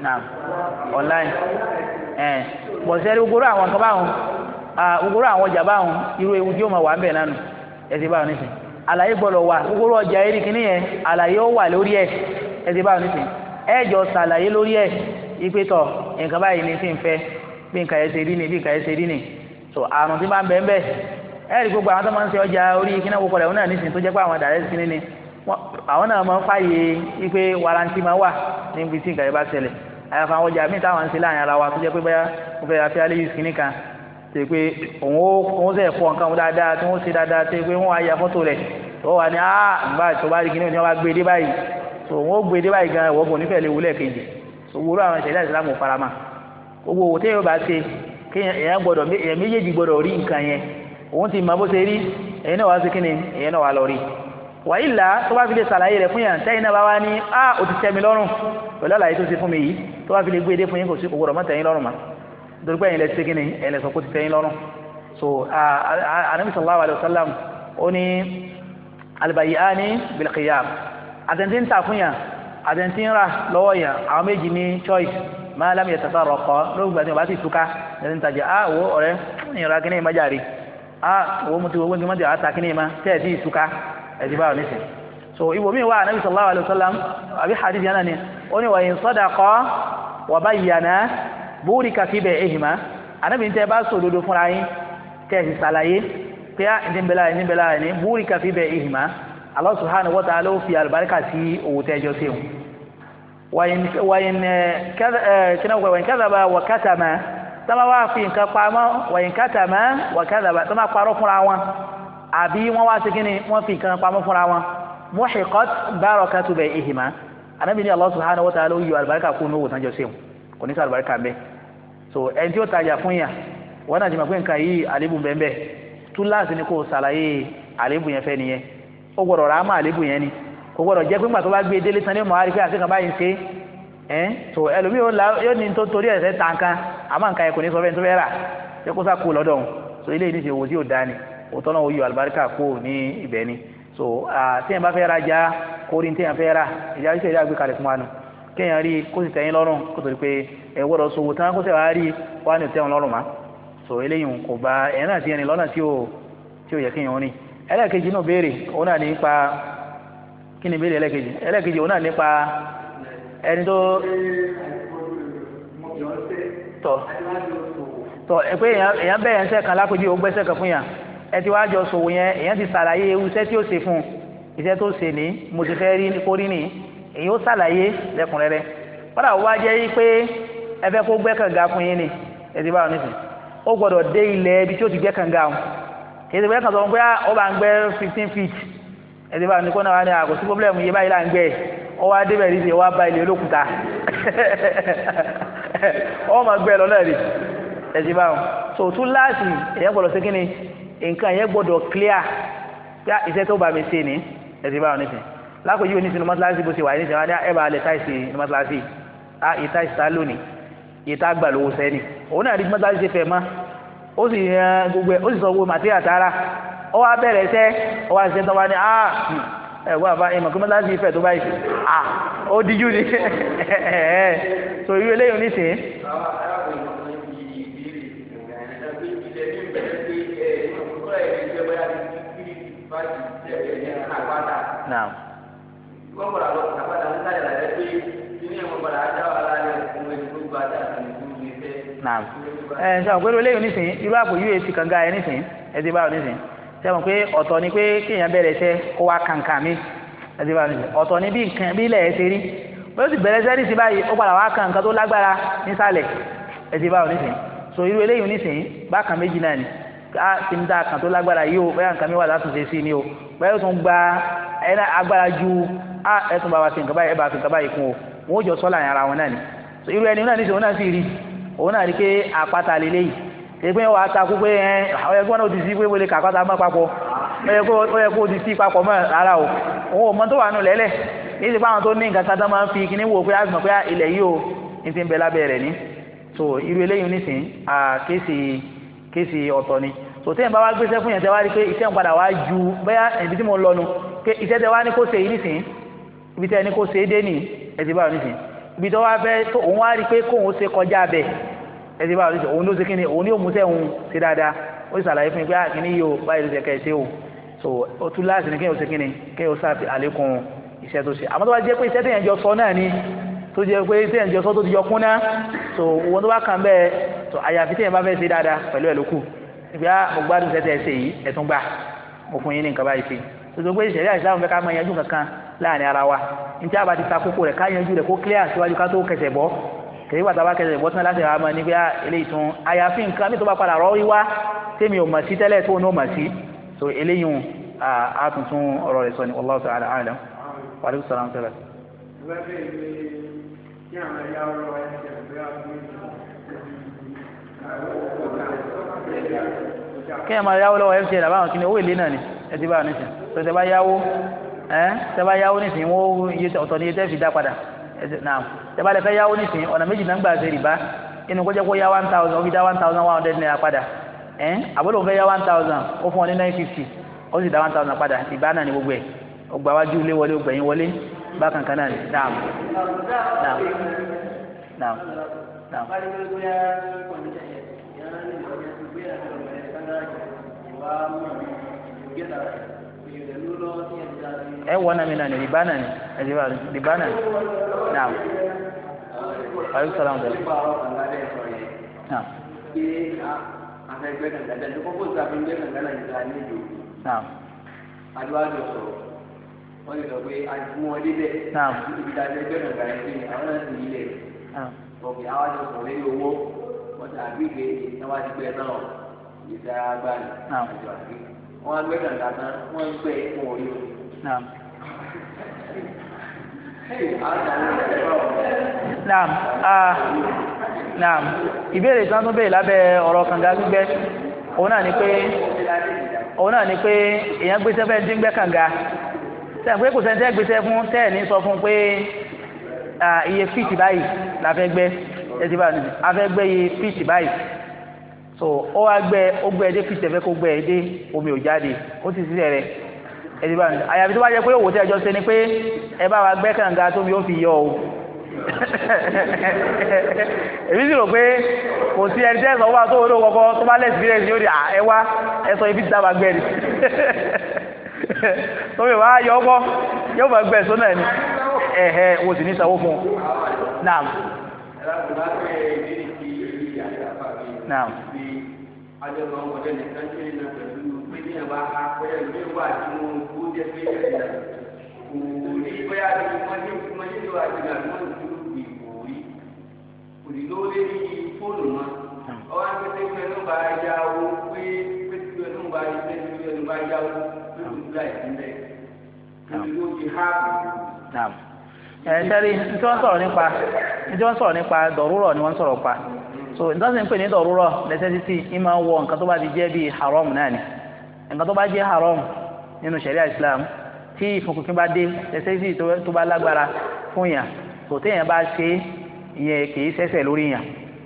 naam online ẹ̀ bọ̀sẹ̀ gbogbo àwọn nǹkan báwọn gbogbo àwọn ọjà báwọn irú ewu tí ó máa wà ń bẹ̀ nánu ẹsẹ̀ báwọn nísìn àlàyé gbọ́dọ̀ wà gbogbo ọjà eré kìíní yẹn àlàyé ó wà lórí ẹ̀ ẹsẹ̀ báwọn nísìn ẹ̀jọ̀ sàlàyé lórí ẹ̀ ipe tọ̀ nǹkan báyìí ni sì ń fẹ́ bí nǹkan yẹn rí ni bí nǹkan yẹn rí ni so àrùn tí máa ń bẹ̀ ń bẹ̀ ẹ̀rí gbogbo àwọn tó máa ń ṣe ọjà orí kíná gbogbo rẹ̀ wọn náà nísìn tó jẹ́ pé àwọn ni àwọn náà máa ń fààyè ipe ọjà míì táwọn ń ṣe láàrin ara wa tó jẹ́ pé bóyá mo fẹ́ ra fíálẹ́ yìí kíní kan ṣe pé òun ó òun sẹ̀ fọ nǹkan dáadáa tí wọ́n ṣe dáadáa ṣe pé wọ́n á ya fọ́tò rẹ̀ tó wà ní ah nígbà tó bá rí kíní òní wọ́n bá gbé dé báyìí tó wọ́n ó gbé dé báyìí gan ìwọ́gbọ̀n onífẹ̀ẹ́ lè wúlẹ̀ kejì tó wúrọ̀ àwọn ìṣẹ̀lẹ̀ ìsìlámù farama owó owó téèyàn bá ṣe èèyàn gbọ́dọ̀ èèyàn méjèèjì gbọ́dọ̀ rí nǹkan yẹn òun ti mọ bó ṣe rí èèyàn náà wá sí kíni èèyàn náà wá lọ rí wàyílà tó bá fi lè ṣàlàyé rẹ̀ fún yàn tẹ́yìn náà bá wá ní ah ó ti tẹ́ mi lọ́rùn pẹ̀lú àlàyé tó ṣe fún mi yìí tó bá fi lè gbé e dé fún yín kò sí kòkòrò mọ́tẹ́yìn lọ́rùn mọ́ torí pé ẹ̀yin lẹ ṣe kí ni ẹ̀yin lẹ sọ ti tẹ́yìn lọ́rùn so anabi sallallahu alayhi wa sallam ó ní albayani bilqiyam àtẹ̀ntì ń ta fún yàn àtẹ̀ntì ń rà lọ́wọ́ yàn àwọn méjì ní choice máa lámì ẹ̀ tàfà rọ̀kọ́ lórí gbàdúrà bá sì túká ẹ̀sìn tajà á ah, wò ọ̀rẹ́ ìrora kí ni ìmọ̀ jàre á ah, wò mo ti wọ́n gbẹ́ngàn mọ́jà á ta kí ni ìmọ̀ tẹ́ ẹ̀ sì túká ẹ̀ ti bá wọn nísìnyí so ibo mi wa anabi sallallahu alayhi wa sallam abi hadith yana ni ó ní wa in sadaqa wa bayyana bóòrì kàfi bẹ̀ ehìmá ànábì ní tẹ́ bá sọ òdodo fúnra yín kẹ́ẹ̀sì sàlàyé pé á ah, ní bẹ́lá ní bẹ́lá ní bóòrì kàfi bẹ̀ ehìmá Allah subhanahu wa ta'ala ló fi àlùbáríkà sí òwò tẹ́jọ́ sí òun. wàyìn eh, eh, kẹ́dàbà wà kátàmá tọ́mọ wá fi nǹkan pamọ́ wàyìn kátàmá wà kẹ́dàbà tọ́mọ parọ́ fúnra wọn àbí wọ́n wá sí kíni wọ́n fi nǹkan pamọ́ fúnra wọn muhiqat barakatu bẹ̀ ehìmá ànábì ní Allah subhanahu wa ta'ala ló yọ àlùbáríkà kú ní òwò tẹ́jọ́ sí òun kò ní sàlùbárí kà mbẹ so ẹni tí ó tajà fún yà wọn náà ti mọ pé nǹkan yìí àlébù bẹ́ẹ̀ túláàsì ni kò sàlàyé àlébù yẹn fẹ́ nìyẹn ó gbọ́dọ̀ rà á mọ́ àlébù yẹn ni kò gbọ́dọ̀ jẹ́ pé ńgbà bá gbé délé tán ní mọ̀hárí pé àti kan báyìí ṣe ẹ́ so ẹlòmíì ó la yóò ní tó torí ẹ̀sẹ̀ ta nǹkan àmọ́ nǹkan yẹn kò ní sọ fẹ́ni tó fẹ́ rà ṣé kó sá kú lọ́dọ̀ so ilé ìdíje wo tí ò dá ni so téèyàn bá fẹ́ rajà kórìí téèyàn fẹ́ rà ìjà ìṣẹ̀lẹ̀ kéèyàn rí kó sì tẹ̀yìn lọ́rùn kó tó di pé ẹ gbọ́dọ̀ sòwò tán kó sì rí wá ní òtẹ́wọn lọ́rùn má so eléyìí kò bá ẹ̀yìn náà ti rìn lọ́nà tí ò tí ò yẹ kéèyàn rìn ẹlẹ́ẹ̀kejì náà béèrè òun náà nípa kí ni béèrè ẹlẹ́ẹ̀kejì ẹlẹ́ẹ̀kejì òun náà nípa ẹni tó tọ tọ ẹ pé èèyàn bẹ̀rẹ̀ ń sẹ́kan lápèjì ó gbẹ́sẹ̀ kan fún yàn ẹ ti wá jọ sòwò yẹn èyí ó ṣàlàyé lẹ́kùnrẹ́rẹ́ kódà wá jẹ́ yí pé ẹ kó gbẹ́ kànga fún yín ni ẹ bá wọn nísìn ó gbọ́dọ̀ dé ilẹ̀ ibi tí ó ti gbẹ́ kànga wọn kì í kànga wọn pé ah, ó bá ń gbẹ́ fifteen feet ẹ bá wọn ní kó náà wá ní àkóso ah, problem yé báyìí là ń gbẹ́ ọ wá débẹ̀ ní ti wá ba ilẹ̀ olókùúta ọ máa gbẹ́ lọ náà rí ẹ bá wọn so tún láàsì ẹ̀yẹ́ gbọ́dọ̀ sí kí ni nǹkan ẹ̀yẹ́ gbọ́dọ̀ clear ah, iṣẹ́ tó bá mi ṣe ni ẹ ti bá wọn nísìn lákòóyí o ní sinú mọ́sálásí bó ṣe wà ní sinú wọn ah, ẹ bá lẹ táìsì ní mọ́sálásí ah, a ìta ìta lónìí ìta gbà lówó sẹ́ni òun náà ní mọ́sálásí ṣe fẹ́ mọ́ ó sì yan gbogbo ẹ̀ ó sì sọ gbogbo màtíríà tààrà ó wá bẹ̀rẹ̀ ṣẹ́ ó wá ṣiṣẹ́ tó ah, hmm, wá ní a ẹ̀gbọ́n àbá ìmọ̀ kí mọ́sálásí ìfẹ́ tó báyìí a ó díjú ni so irú eléyìí nísìnyí. Naam wọ́n gbọ́dọ̀ lọ kàkà padà ní sáyà lálẹ́ pé kíní ẹ̀wọ̀n padà á dáwà lálẹ́ òun ẹni tó gba dáa sí ìlú mi fẹ́. naam ẹ ṣe àwọn pẹ̀lú eléyìí nísìnyí irú àpò uac kan ga ẹ nísìnyí ẹ ti bá wọn nísìnyí ṣe mọ̀ pé ọ̀tọ̀ ni pé kéèyàn bẹ̀rẹ̀ iṣẹ́ kó wá kankan mi ẹ ti bá wọn nísìnyí ni bí nǹkan bí ilẹ̀ ẹ rí bó ti bẹ̀rẹ̀ iṣẹ́ nísìnyí báyìí ó padà wá kan nǹkan tó lágbára nísàlẹ̀ ẹ ti bá wọn so irú eléyìí nísìnyí bákan méjì náà ni a ti ń dá kan tó lágbára yìí o bẹ́ẹ̀ nǹkan mi wà látúnṣe sí ni o bẹ́ẹ̀ tó ń gba agbára ju á ẹ̀sùn bàbá sí nǹkan báyìí ẹ̀bà sí nǹkan báyìí kún o wọ́n jọ sọ́là yàrá wọn náà ni so irú ẹni náà ní sòun náà sì rí òun náà rí pé àpáta lélẹ̀ yìí èpè wà á takú pé ẹ ọ̀yẹ́ kí wọ́n náà ti sí pé wọlé kàkọ́ta mọ́ papọ̀ ọ̀yẹ́ kó ti sí papọ̀ mọ́ rárá o òun ò mọ tó wà nù lẹ́lẹ̀ èyí ti fáwọn tó ní nǹkan kan máa ń fi kíní wò pé á gbọ̀n pé ah, ilẹ̀ yìí o ní ti ń bẹ lábẹ́ rẹ̀ ní so irú eléyìí nísìnyí kéèsì kéèsì ọ̀tọ̀ ni so téèyàn bá wá gbéṣẹ́ fún yẹn tẹ́ wá rí pé iṣẹ́ ń padà wá ju bẹ́ẹ̀ ibi tí mo lọ nu pé iṣẹ́ tẹ́ wá ní kó ṣe yìí nísìnyí ibi tẹ́ ẹni kó ṣe é dé nì ẹ̀sìn báwọn nísìn ibi tó wá fẹ́ tó òun wá rí i pé kóun ṣe kọjá bẹ̀ ẹ̀sìn báwọn nísìn òun ló ṣe kí ni òun ní òun sẹ́hun ṣe dáadáa ó sì ṣàlàyé fún mi pé àkíní ah, yìí o báyìí ló ṣe kẹ́ ẹ ṣe o so ó tún láàṣì ní kéèyàn ṣe kí ni kéèyàn ṣàfi àlékún iṣẹ́ tó ṣe àmọ́ tó bá jẹ́ pé iṣẹ́ tẹ̀yàn jọ sọ náà ni tó jẹ́ pé tẹ̀yàn jọ sọ tó ti jọ kún náà so wọn tó bá kàn bẹ́ẹ̀ so àyàfi tẹ̀yàn bá fẹ́ ṣe dáadáa pẹ̀lú ẹ̀ ló kù ìgbà ah, mo gbádùn iṣẹ́ tẹ̀ ṣe láàrin ara wa ní tí a bá ti ta kókó rẹ̀ ká yanjú rẹ̀ kó clear síwájú ká tó kẹsẹ̀ bọ́ kèyí wàtá bá kẹsẹ̀ bọ́ tán láti ra máa níbi eléyìí tún àyàfi nǹkan mi tó bá padà rọ́ wíwá tèmi ò mọ̀ sí tẹ́lẹ̀ tó ní ò mọ̀ sí so eléyìí a tuntun ọ̀rọ̀ rẹ̀ sọ ni wallahu ta'ala a'lam wàlúù sàlámù tẹ́lẹ̀. kí ẹ máa yáwó lọ́wọ́ fcn àbáwọn kí ni owó ìlé náà ni ẹ ti bá a nísìn tó bá yáwó ẹ eh? tẹ́bá yáwó nísìnyí wọ́n iye ọ̀tọ̀ ni iye tẹ́ fi dá padà naam tẹ́bá lẹ fẹ́ yáwó nísìnyí ọ̀nà méjì náà ń inú kó kó one thousand fi one thousand one hundred naira padà ẹ eh? àbúrò fẹ́ yá one thousand ó fún ọ ní nine fifty ó sì dá one thousand padà gbogbo wọlé yín wọlé náà ẹ wọ náà mi náà ní rìbá náà ní ẹdínwó rìbá náà náà wàlúù sọlá ń bẹ̀rẹ̀. náà. ṣé àfẹ́gbẹ́ kan dáadáa ní kókó sí àfẹ́gbẹ́ kan dáadáa ní ìlànà ìlú. náà. adúlá jọ sọ̀rọ̀ wọ́n lè sọ pé àìsàn wọn débẹ̀. náà. ibi tá a fẹ́ gbẹ́ kan dáadáa ní àwọn náà sì yí lẹ̀. ọ̀gbìn àwọn àjọ sọ̀rọ̀ lórí owó wọ́n ti àgbègbè ìnáwó ti gbẹ náà ìdára gbáyìí àjọ àgbè wọ́n á gbẹ́ kàǹkà tán wọ́n ń gbẹ́ ìkún orí omi naam. naam aa ah, naam ìbéèrè tí wọ́n tún béèrè lábẹ́ ọ̀rọ̀ kànga gbígbẹ́ òun náà ni pé òun náà ni pé èèyàn gbèsè fẹ́ dín gbẹ́ kànga sẹ́yìn pé kò sẹ́ni tẹ́ gbèsè fún tẹ́ẹ̀ ní sọ fún pé iye fíìtì báyìí la fẹ́ gbẹ́ ẹtì báyìí a fẹ́ gbẹ́ iye fíìtì báyìí so ó wá gbẹ́ ó gbẹ́ ẹdẹ fíìtì ẹ̀fẹ́ kó gbẹ́ ẹdẹ omi ò jáde ó ti sílẹ̀ rẹ̀ ẹ̀dí bá mi àyàfi tó bá jẹ́ pé òwò tí ẹjọ́ ṣe ni pé ẹ bá wa gbẹ́ kànga tó mi ó fi yọ o èmi sì rò pé kò sí ẹni tẹ́ ẹ sọ fún wa tó wọlé kọ́kọ́ tó bá lẹ́sìn bí lẹ́sìn yóò di ẹ wá ẹ sọ ibi tí dábàá gbẹ́ ni tó mi wá yọ ọgbọ́ yóò bá gbẹ̀ sọ́nà ẹni ẹ̀hẹ́ wo sì ní sanwó fún un naam naam yẹn bá ha pẹ́yà lómi wà tí mo ń kú dé pé yẹn nà kò ní pẹ́yà tí mo ní mo ní lọ́wọ́ àti nà mo ń dúró gbì wòrí kò ní ló lé ní fóònù mọ́ hmm. ọwọ́ akéde pé ẹnu bá yá owó pé pé tí ẹnu bá yá pé tí ẹnu bá yá owó pé kò ní láì sí bẹ́ẹ̀ kò ní ló hmm. eh, tí wọ́n sọ̀rọ̀ nípa tí wọ́n sọ̀rọ̀ nípa dọ̀rúrọ̀ ni wọ́n sọ̀rọ̀ pa so nítorí pé ní dọ̀rúrọ̀ necessity ìmọ̀ wọ nǹkan tó bá ti jẹ́ bíi haram náà ni nǹkan tó bá jẹ́ haram nínú sẹ̀ríà islam tí ìfúnkùnkùn bá dé ẹsẹ́sì tó bá lágbára fún yàn kò téèyàn bá ṣe ìyẹn kìí ṣẹ̀ṣẹ̀ lórí yàn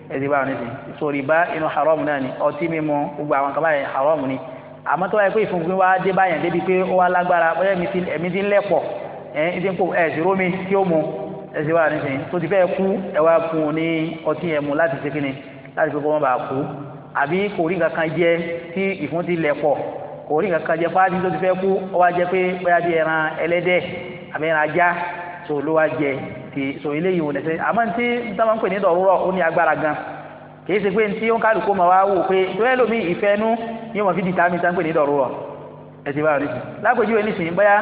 ẹsẹ̀ báwọn ní sìn so rìbá inú haram náà ni ọtí mímu gbogbo àwọn kan báyìí haram ni àmọ́ tó wáyé pé ìfúnkùnkùn wá dé báyàn débi pé ó wá lágbára bóyá ẹ̀mí ti ń lẹ̀pọ̀ ẹ̀sìn rómi tí ó mu ẹsẹ̀ báwọn ní sìn tó ti fẹ́ kú ẹ̀ wá fún un ní ọtí yẹn mu láti ṣe kíni láti fi kó wọn bá kú àbí kò rí nǹkan kan jẹ tí ìfún ti lẹ̀pọ̀ kò rí nǹkan kan jẹ fáájú tó ti fẹ́ kú ó wá jẹ pé bóyá bí ẹran ẹlẹ́dẹ̀ àbí ẹran ajá tó ló wá jẹ ti sọ eléyìí wò lẹ́sẹ̀ àmọ́ ní tí táwọn ń pè ní dọ̀rúrọ̀ ó ní agbára gan kì í ṣe pé tí ó ń kálukú máa wá wò pé tó yẹ lómi ìfẹ́ ni yóò mọ̀ fi dìtà mi táwọn ń pè ní dọ̀rúrọ̀ ẹ ti bá wọn nísìn lápèjúwe nísìn bóyá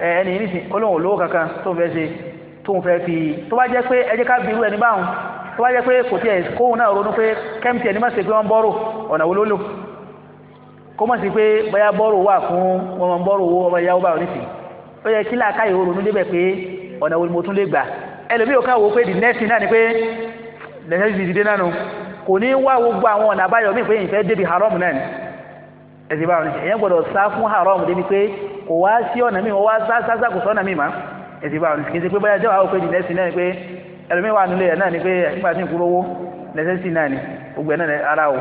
ẹni nísìn olóhùn olówó kankan tó ń fẹ́ ṣe tó ń fẹ́ fi tó bá jẹ́ pé ẹ jẹ́ ká birú ẹni báwọn tó bá jẹ́ pé kò tiẹ̀ kóhun náà ronú pé kẹ́mìtì ẹni má ṣe pé wọ́n bọ́rò ọ̀nà wo ló lò kó mọ̀ sí pé bóyá bọ́ọ̀rù wà fún wọn mọ̀ bọ́ọ̀rù owó ọmọ ìyáwó báwọn nísìnyí ó yẹ kí làákàyè ó ronú débẹ̀ pé ọ̀nà wo ni mo tún lè gbà ẹlòmíì ò káwọ́ pé the next thing náà ni pé lẹ́sẹ̀ ti dìde náà nù kò ní wá gbogbo àwọn ọ̀nà àbáyọ mí pé ìfẹ́ débi haram náà ni ẹ̀sìn báwọn nísìnyí ẹ̀yẹ́ gbọ́dọ̀ sá fún haram débi pé kò wá sí ọ̀nà míì wá sá sá sá kò sọ́nà míì má ẹ̀ necessity náà ni gbogbo ẹ̀ náà ara o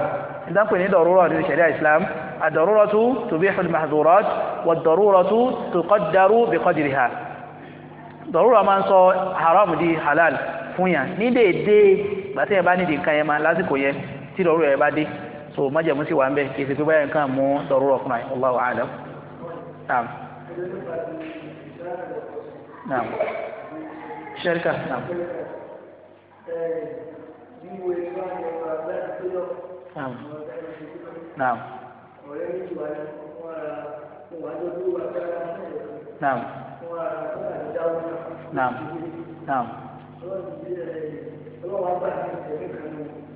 ìdánpẹ̀ ní dọ̀rúrọ̀ nínú sharia islam ad-daruratu tubihu al-mahdhurat wad-daruratu tuqaddaru biqadriha dọ̀rúrọ̀ máa ń sọ haram di halal fún yàn ní déédé gbàtí ẹ̀ bá nídìí nǹkan yẹn máa lásìkò yẹn tí dọ̀rúrọ̀ yẹn bá dé so májàmú sì wà ń bẹ kì í ṣe pé báyà nǹkan mú dọ̀rúrọ̀ fún àyìn wallahu a'lam. Naam. Naam. Shirka. Naam naam naam naam naam naam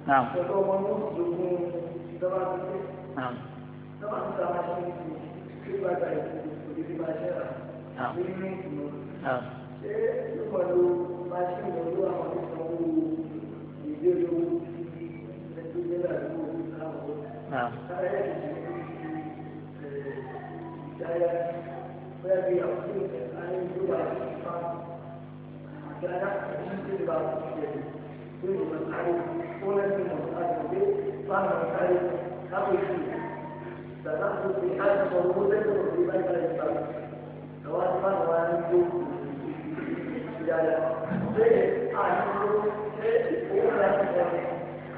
naam naam naam. نعم كل من علم ولد من هذا البيت صار عليه حقيقي فنحن في حال ضروره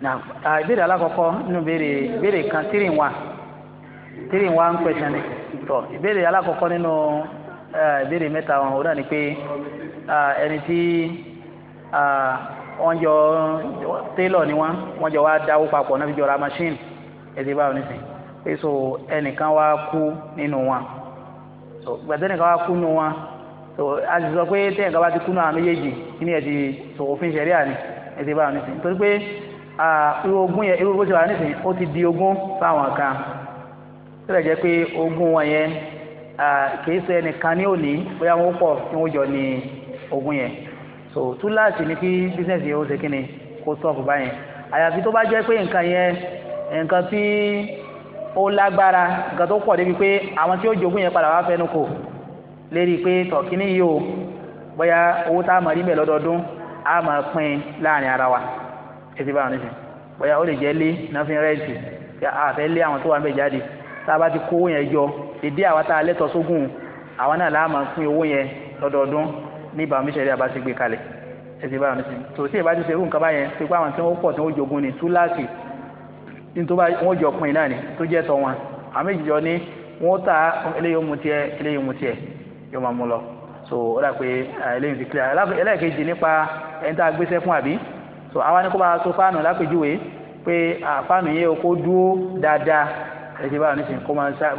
na ibeere alakọkọ nínú béèrè béèrè kan tírì wá tírì wá ń pẹ̀sẹ̀ ni tọ́ ìbéèrè alákọ̀ọ́kọ́ nínú ìbéèrè uh, mẹ́ta wọn ó dà uh, ẹni uh, jọ ni wọn wọ́n jọ wá dáwó papọ̀ náà fi machine so ẹnìkan wá so gbàdẹ́nìkan wá kú nínú wọn so a sì sọ pé ti kú nínú àwọn méjèèjì irú ogún yẹn irú bó ṣe wà nísìnyí ó ti di ogún fáwọn kan sílẹ̀ jẹ́ pé ogún wọn yẹn kì í ṣe ẹnìkan ní òní bóyá wọn pọ̀ tí wọ́n jọ ní ogún yẹn so túláàsì ni kí bísíǹsì yẹn ó ṣe kíni kó sọ́ọ̀bù báyẹn àyàfi tó bá jẹ́ pé nǹkan yẹn nǹkan tí ó lágbára nǹkan tó pọ̀ débi pé àwọn tí ó jogún yẹn padà wá fẹnu kò lérí pé tọ̀kíní yìí o bóyá owó tá a mọ̀ rí mẹ́ lọ́dọọdún a máa pín láàrin ara wa ẹtì báwọn nísìn bóyá ó lè jẹ́ lé náfin rẹ́ǹtì àfẹ́ lé àwọn tó wà ń bẹ̀ jáde tá a bá ti kó owó yẹn jọ dédé àwa tá a lẹ́tọ̀ sógùn àwa náà láàmà pín owó yẹn lọ́dọọdún ní ìbámu ìṣẹ̀lẹ̀ àbá ti gbé kalẹ̀ ẹtì báwọn nísìn tó sí ìbá ti ṣerú nǹkan báyẹn pé pé àwọn tí wọ́n pọ̀ tí wọ́n jogun ní túláàsì ní tó bá wọ́n jọ pin náà ni tó jẹ́ tọ́ wọn àmì ìjọ ní wọ́n ta eléyìí ó mu tiẹ̀ eléyìí ó mu so ó dà pé eléyìí ti clear ẹlẹ́ẹ̀kejì nípa ẹni tá so àwa ní kó bá a so fáànù lápèjúwe pé àfáànù yẹ kó dúó dáadáa ẹ̀jẹ̀ báwọn ní sìn kó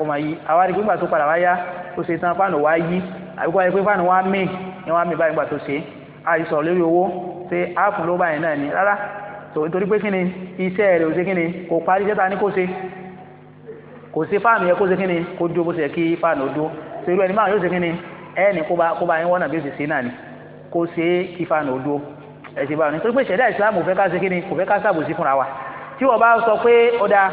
máa yí àwa ní gbígbà tó padà wá yá tó ṣe tán fáànù wá yí àbíkó wáyé pé fáànù wá mì so nítorí pé kíni iṣẹ́ rẹ̀ ò ṣe kíni kò parí iṣẹ́ ta ní kó ṣe kò sí fáànù yẹ kó ṣe kíni kó dúó bó ṣe kí fáànù dúó ṣe irú ẹni báwọn yóò ṣe kíni ẹni kó bá yín bí ó ṣe ṣe náà ni kó ṣe kí fáànù dúó ẹ̀sìn báwọn nítorí pé ṣẹ̀dá ìsìlámù kò ká ṣe kí ni kò fẹ́ ká ṣàbòsí fúnra wa tí wọ́n bá sọ pé ó dáa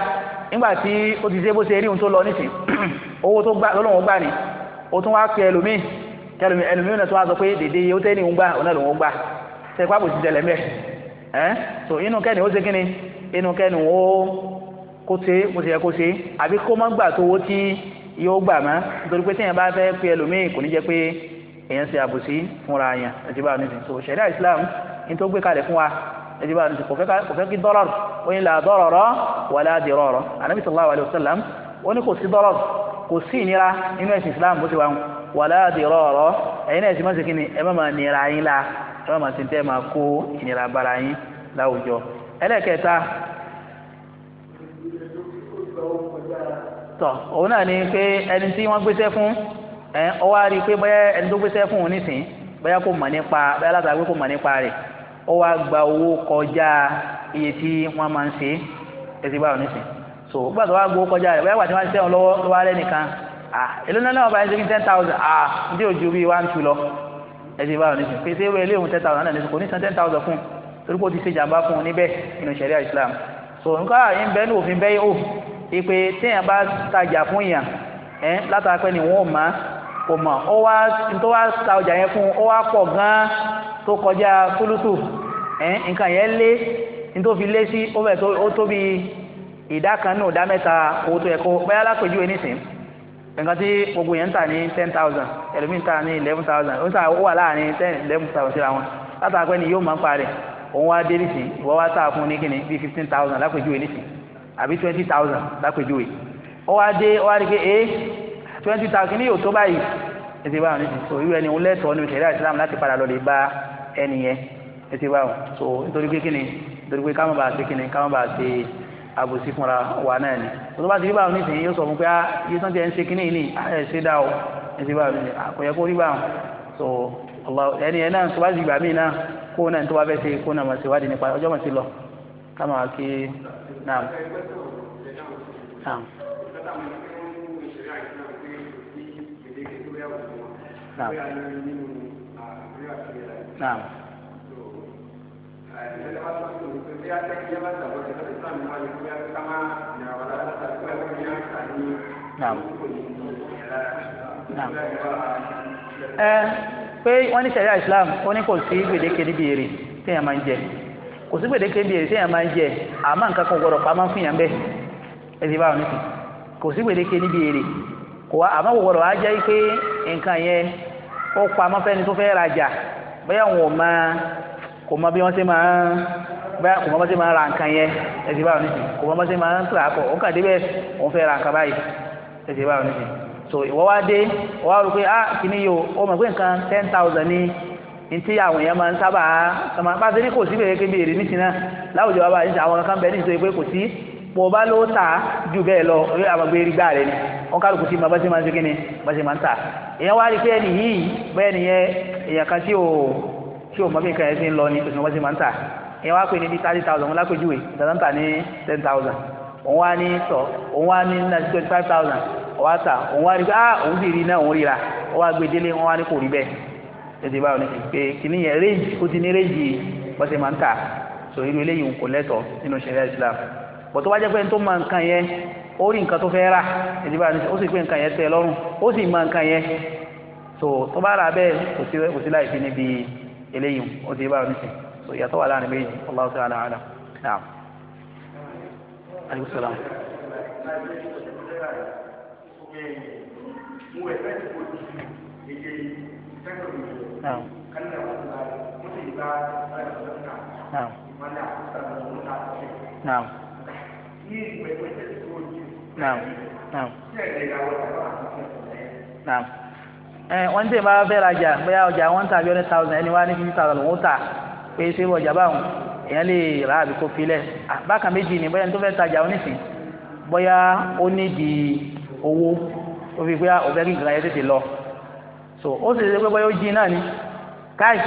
nígbà tí ó ti ṣe bó ṣe rí ohun tó lọ nísìn owó tó gbà lọ́lọ́wọ́ gbà ní ó tún wá pe ẹlòmíì kí ẹlòmíì ẹlòmíì náà tún wá sọ pé dèdè iye ó tẹ́ ní òun gbà òun náà lòun gbà ṣe pápò ti tẹ̀lẹ̀ mẹ́ ẹ́ so inú kẹ́ni ó ṣe kí ni inú kẹ́ni ó kó ṣe bó ṣe yẹ kó ṣe àbí kó má gbà tó owó tí yóò gbà mọ́ nítorí pé téèyàn bá fẹ́ pe ẹlòmíì kò ní jẹ́ pé èèyàn ṣe àbòsí fúnra yẹn àti so ṣẹ̀dá ìsìláàmù nítorí gbé kalẹ̀ fún wa ẹ̀jẹ̀ bá kò fẹ́ kí dọ́rọ̀rù ó ní la dọ́rọ̀rọ̀ wà láàdì rọ̀rọ̀ anabi sallallahu alayhi wa sallam ó ní kò sí dọ́rọ̀rù kò sí ìnira nínú ẹ̀sìn islam bó ti wà ń wà láàdì rọ̀rọ̀ ẹ̀yin náà ẹ̀sìn mọ́sí kí ni ẹ má máa nira yín la ẹ má máa ti tẹ́ máa kó ìnira bara yín láwùjọ ẹlẹ́kẹta tọ òun náà ni pé ẹni tí wọn gbéṣẹ́ fún ẹ ọ pé bóyá ẹni tó gbéṣẹ́ fún òun nísìnyí bóyá kò mọ̀ nípa bóyá látàgbé kò mọ̀ nípa rẹ̀ ó wá gba owó kọjá iye tí wọ́n máa ń ṣe ẹtì báwọn nísìn so ó gbàgbọ́ wá gbowó kọjá rẹ̀ báyìí wà tí wọ́n ti sẹ́wọ̀n lọ́wọ́ ló wá ah èló náà náà bá yẹn ṣe ten thousand ah ndí òjò bíi one two lọ ẹtì báwọn nísìn pèsè ìwé ilé ìhun ten thousand náà nísìn kò ní san ten thousand fún torí kò ti ṣe jàǹbá fún un níbẹ̀ nínú ṣẹ̀ríà Islam so nǹkan àyìn bẹ́ẹ̀ ní òfin bẹ́ẹ̀ ò ìpè téèyàn bá tajà fún yàn ẹ látàpẹ́ ni wọ́n máa kò mọ̀ ó wá tó wá ta ọjà yẹn fún ó wá pọ̀ gan-an tó kọjá kúlútù ẹ̀ nǹkan yẹn lé nítorí fi lé sí ó fẹ́ tó tó bí ìdá kan náà ìdá mẹ́ta owó tó yẹ kó bẹ́ẹ̀ alápèjúwe nísìnyí nǹkan tí gbogbo yẹn ń tà ní ten thousand ẹlòmíín tà ní eleven thousand ó ń tà ó wà láàrin ten eleven thousand síra wọn látà pé ni yóò máa ń parẹ́ òun wá dé nísìnyí ìwọ wá tà fún ní kíni bíi fifteen thousand lápèjúwe nísìnyí àbí twenty thousand lápèjúwe ó wá dé ó wá rí pé ee twenty thousand ní yóò tó báyìí ètò ìbáraẹni sọ irú ẹni òun lẹ́tọ̀ọ́ ní ìṣẹ̀lẹ̀ àti ẹtì báwọn so nítorí pé kíni nítorí pé káwọn bá ṣe kíni káwọn bá ṣe àbòsí fúnra wa náà ni tó bá ti rí báwọn nísìnyí yóò sọ fún pé á yóò tán ti ẹ̀ ń ṣe kíni yìí ni ah, ẹ̀ ṣe dá o ẹtì báwọn ni àkọyẹ kó rí báwọn so ẹni ẹ̀ náà tó bá ti gbà mí náà kó náà tó bá fẹ́ ṣe kó náà mà ṣe wádìí nípa ọjọ́ mà ti lọ káwọn kí náà. Naam. Naam. idan ta masu mutum ya ta iya masa wata ya kama da ya ya sani na'am na'am eh pé wọ́n ní sẹ̀ríà Islam ó ní kò sí gbèdéke níbi èrè téèyàn máa ń jẹ kò sí gbèdéke níbi èrè téèyàn máa ń jẹ ya nǹkan kan gbọ́dọ̀ pamọ́ fún yàn bẹ́ẹ̀ kò mọ bí wọ́n ṣe máa ń báyà kò mọ bí wọ́n ṣe máa ń ra nǹkan yẹn ẹ̀sìn báwọn nìsín kò mọ bí wọ́n ṣe máa ń tà á òun kà débẹ̀ òun fẹ́ ra nǹkan báyìí ẹ̀sìn báwọn nìsín so ìwọ́ wá dé wọ́n wá rò pé ah kìíní yìí o mọ̀ pé nǹkan ten thousand ní ntí àwọn èèyàn máa ń sábà sọmọ bá ṣe ní kò sí bẹ̀rẹ̀ kébí èrè nísìnyí náà láwùjọ wa báyìí àwọn kan bẹ̀rẹ̀ nítorí pé kò sí pọ̀ bá ló tà jù bẹ́ẹ̀ lọ orí àmàgbé gbà rẹ̀ ni wọ́n kálukú sí ma bá ṣe máa ń ṣe kí ni bá ṣe máa ń tà èèyàn wá rí pé ẹni yìí bẹ́ẹ̀ nìyẹn èèyàn kan tí ò tí o mọ bí nǹkan ẹ̀ ti ń lọ ní tòṣìmọ́ bá ti máa ń tà ẹ wá pé ní bí thirty thousand wọn lápèjúwe ìdáná ń tà ní ten thousand òun wá ní sọ òun wá ní twenty five thousand ọwọ́ àtà òun wá rí pé ah òun sì rí náà òun ríra ọwọ́ agbedele wọn wá ní kò rí bẹ́ẹ̀ tètè báwọn ní pé kìíní yẹn réjì ó ti ní réjì bó ṣe máa ń tà sọ irú eléyìí kò lẹ́tọ̀ọ́ nínú ṣẹ̀ríà Islam bó tó bá jẹ́ pé tó máa nǹkan yẹn ó rí nǹkan tó fẹ́ rà tètè báwọn ní ó sì pé nǹkan yẹn tẹ́ lọ́rùn ó sì máa nǹkan yẹn tó bá rà bẹ́ẹ̀ kò sí láì fi níbi إليهم وذيباء مثلهم يتوالى عن بيجي الله تعالى على نعم عليه السلام نعم نعم نعم نعم نعم نعم Eh, wọ́n ní tẹ̀ bá fẹ́ rajà bóyá ọjà wọ́n tà bí hundred thousand ẹni wá ní fifty thousand lòún tà pé ṣé ọjà báwọn èèyàn lè rà àbí kó filẹ̀ bákan méjì ni bóyá ní tó fẹ́ tajà onísìn bóyá ó ní di owó ó fi bóyá ah, ọ̀fẹ́ kí nǹkan ayé tètè lọ so ó sì ṣe pé bóyá ó jí náà ni káì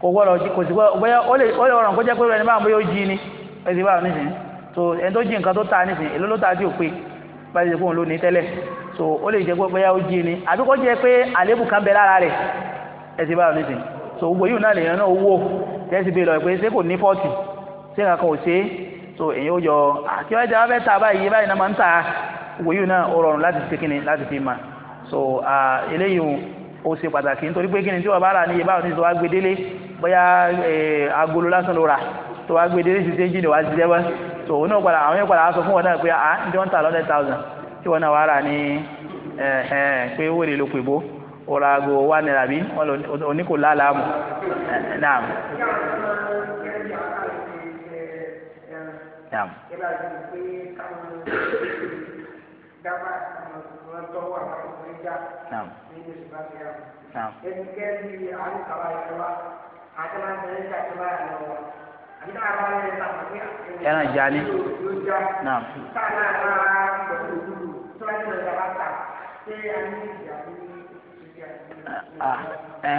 kò gbọ́dọ̀ jí kò sí gbọ́dọ̀ bóyá ó lè ó lè rọrùn kó jẹ́ pé ẹni báwọn bóyá ó jí ni ẹni báwọn nísìn so ẹni tó jí nǹkan tó ta nísìn èló ló ta tí ò pé báyìí jẹ́ fóun ló ní tẹ́lẹ̀ so ó lè jẹ́ pé ó jí ni àbí kó jẹ́ pé àlébù kan bẹ lára rẹ̀ ẹ ti bá wọn nísìn so gbogbo yìí náà lèèyàn náà wò tẹ́sí bẹ́ẹ̀ lọ pé ṣé kò ní fọ́ọ̀tì ṣé kankan ò ṣe é so èyí ó yọ àti ọjà wọn fẹ́ ta báyìí báyìí náà máa ń ta gbogbo yìí náà ó rọrùn láti ṣe kíni láti fi mà so eléyìí ó ṣe pàtàkì nítorí pé kíni tí wọ́n bá rà níye báwọn níṣẹ́ wá gbé délé bóyá agolo lásán ló rà tó wá gbé délé ṣiṣẹ́ jìnnà wá ṣiṣẹ́ wá tó òun náà padà àwọn yẹn padà sọ fún wọn náà pé à ah, ń wọ́n ń lọ́dẹ̀ thousand tí wọ́n náà wà rà ní pé owó rè ló pè bó ọ̀rọ̀ aago wà náírà bí wọ́n lọ òní lálàámù náà. Naam. Naam. Naam. ẹran ìjà ni.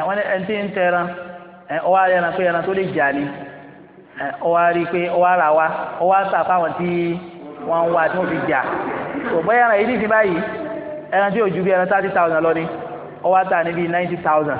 wọ́n ní ẹni tí ń tẹran ọwọ́ eh, ara ẹran pé ẹran tó lè jà ni ọ eh, ara rí i pé ọwọ́ ara wa ọ ara tà fáwọn tí wọ́n ń wá tí wọ́n fi jà kò bọ́ ẹran yìí nísìnyí báyìí ẹran tí yóò ju bí ẹran thirty thousand lọ ni ọwọ́ ata níbi ninety thousand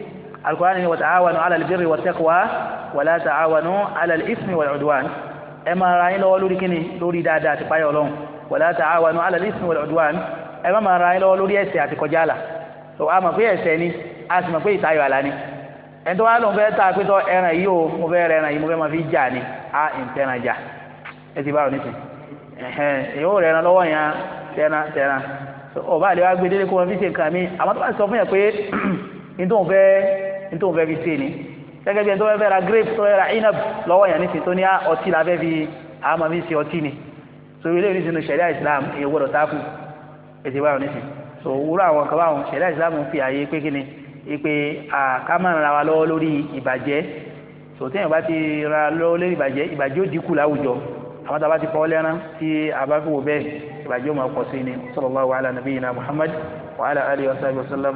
alukurani wa ta'awanu ala albirri wa taqwa wa la ta'awanu ala al-ithmi wal udwan ẹ máa ra yín lọ́wọ́ lórí kíni lórí dáadáa àti páyọ̀ ọlọ́run wa la ta'awanu ala al-ithmi wal udwan ẹ má máa ra yín lọ́wọ́ lórí ẹ̀ṣẹ̀ àti kọjá àlà tó a mọ̀ pé ẹ̀ṣẹ̀ ni a sì mọ̀ pé ìtayọ̀ àlà ni ẹni tó wá lóun fẹ́ ta pé tọ́ ẹran yìí o mo fẹ́ rẹ ẹran yìí mo fẹ́ máa fi jà ni a ń tẹran jà ẹ ti bá wọn nísìn ẹ̀hẹ́n èyí ò rẹ ẹran lọ́wọ́ yẹn tẹran tẹran ọba àlewà gbé délé kó wọn fi ṣe nǹkan mi àmọ́ tó bá sọ fún yẹn pé ní tóun nítorí òun fẹ́ fi se ni gẹ́gẹ́ bí ẹni tó fẹ́ ra grape tó fẹ́ ra inab lọ́wọ́ yẹn nísìnyí tó ní ah, ọtí la fẹ́ fi àmọ́ fi ṣe ọtí ni so ilé yìí nísìnyí sẹ̀ríà islam èyí gbọ́dọ̀ tá fún ètò ìwà òní sìn so wúrọ̀ àwọn kan báwọn sẹ̀ríà islam fi àyè pé kíni ipe àkámọ́ra wa lọ́wọ́ lórí ìbàjẹ́ so téèyàn bá ti ra lọ́wọ́ lórí ìbàjẹ́ ìbàjẹ́ ó dínkù láwùjọ àwọn tá a bá ti fọwọ́ lẹ́rán tí a bá fi wò bẹ́ẹ̀ ìbàjẹ́ ó máa pọ̀ sí ni sallallahu ala nabiyyina muhammad wa ala alihi wa sahbihi wa sallam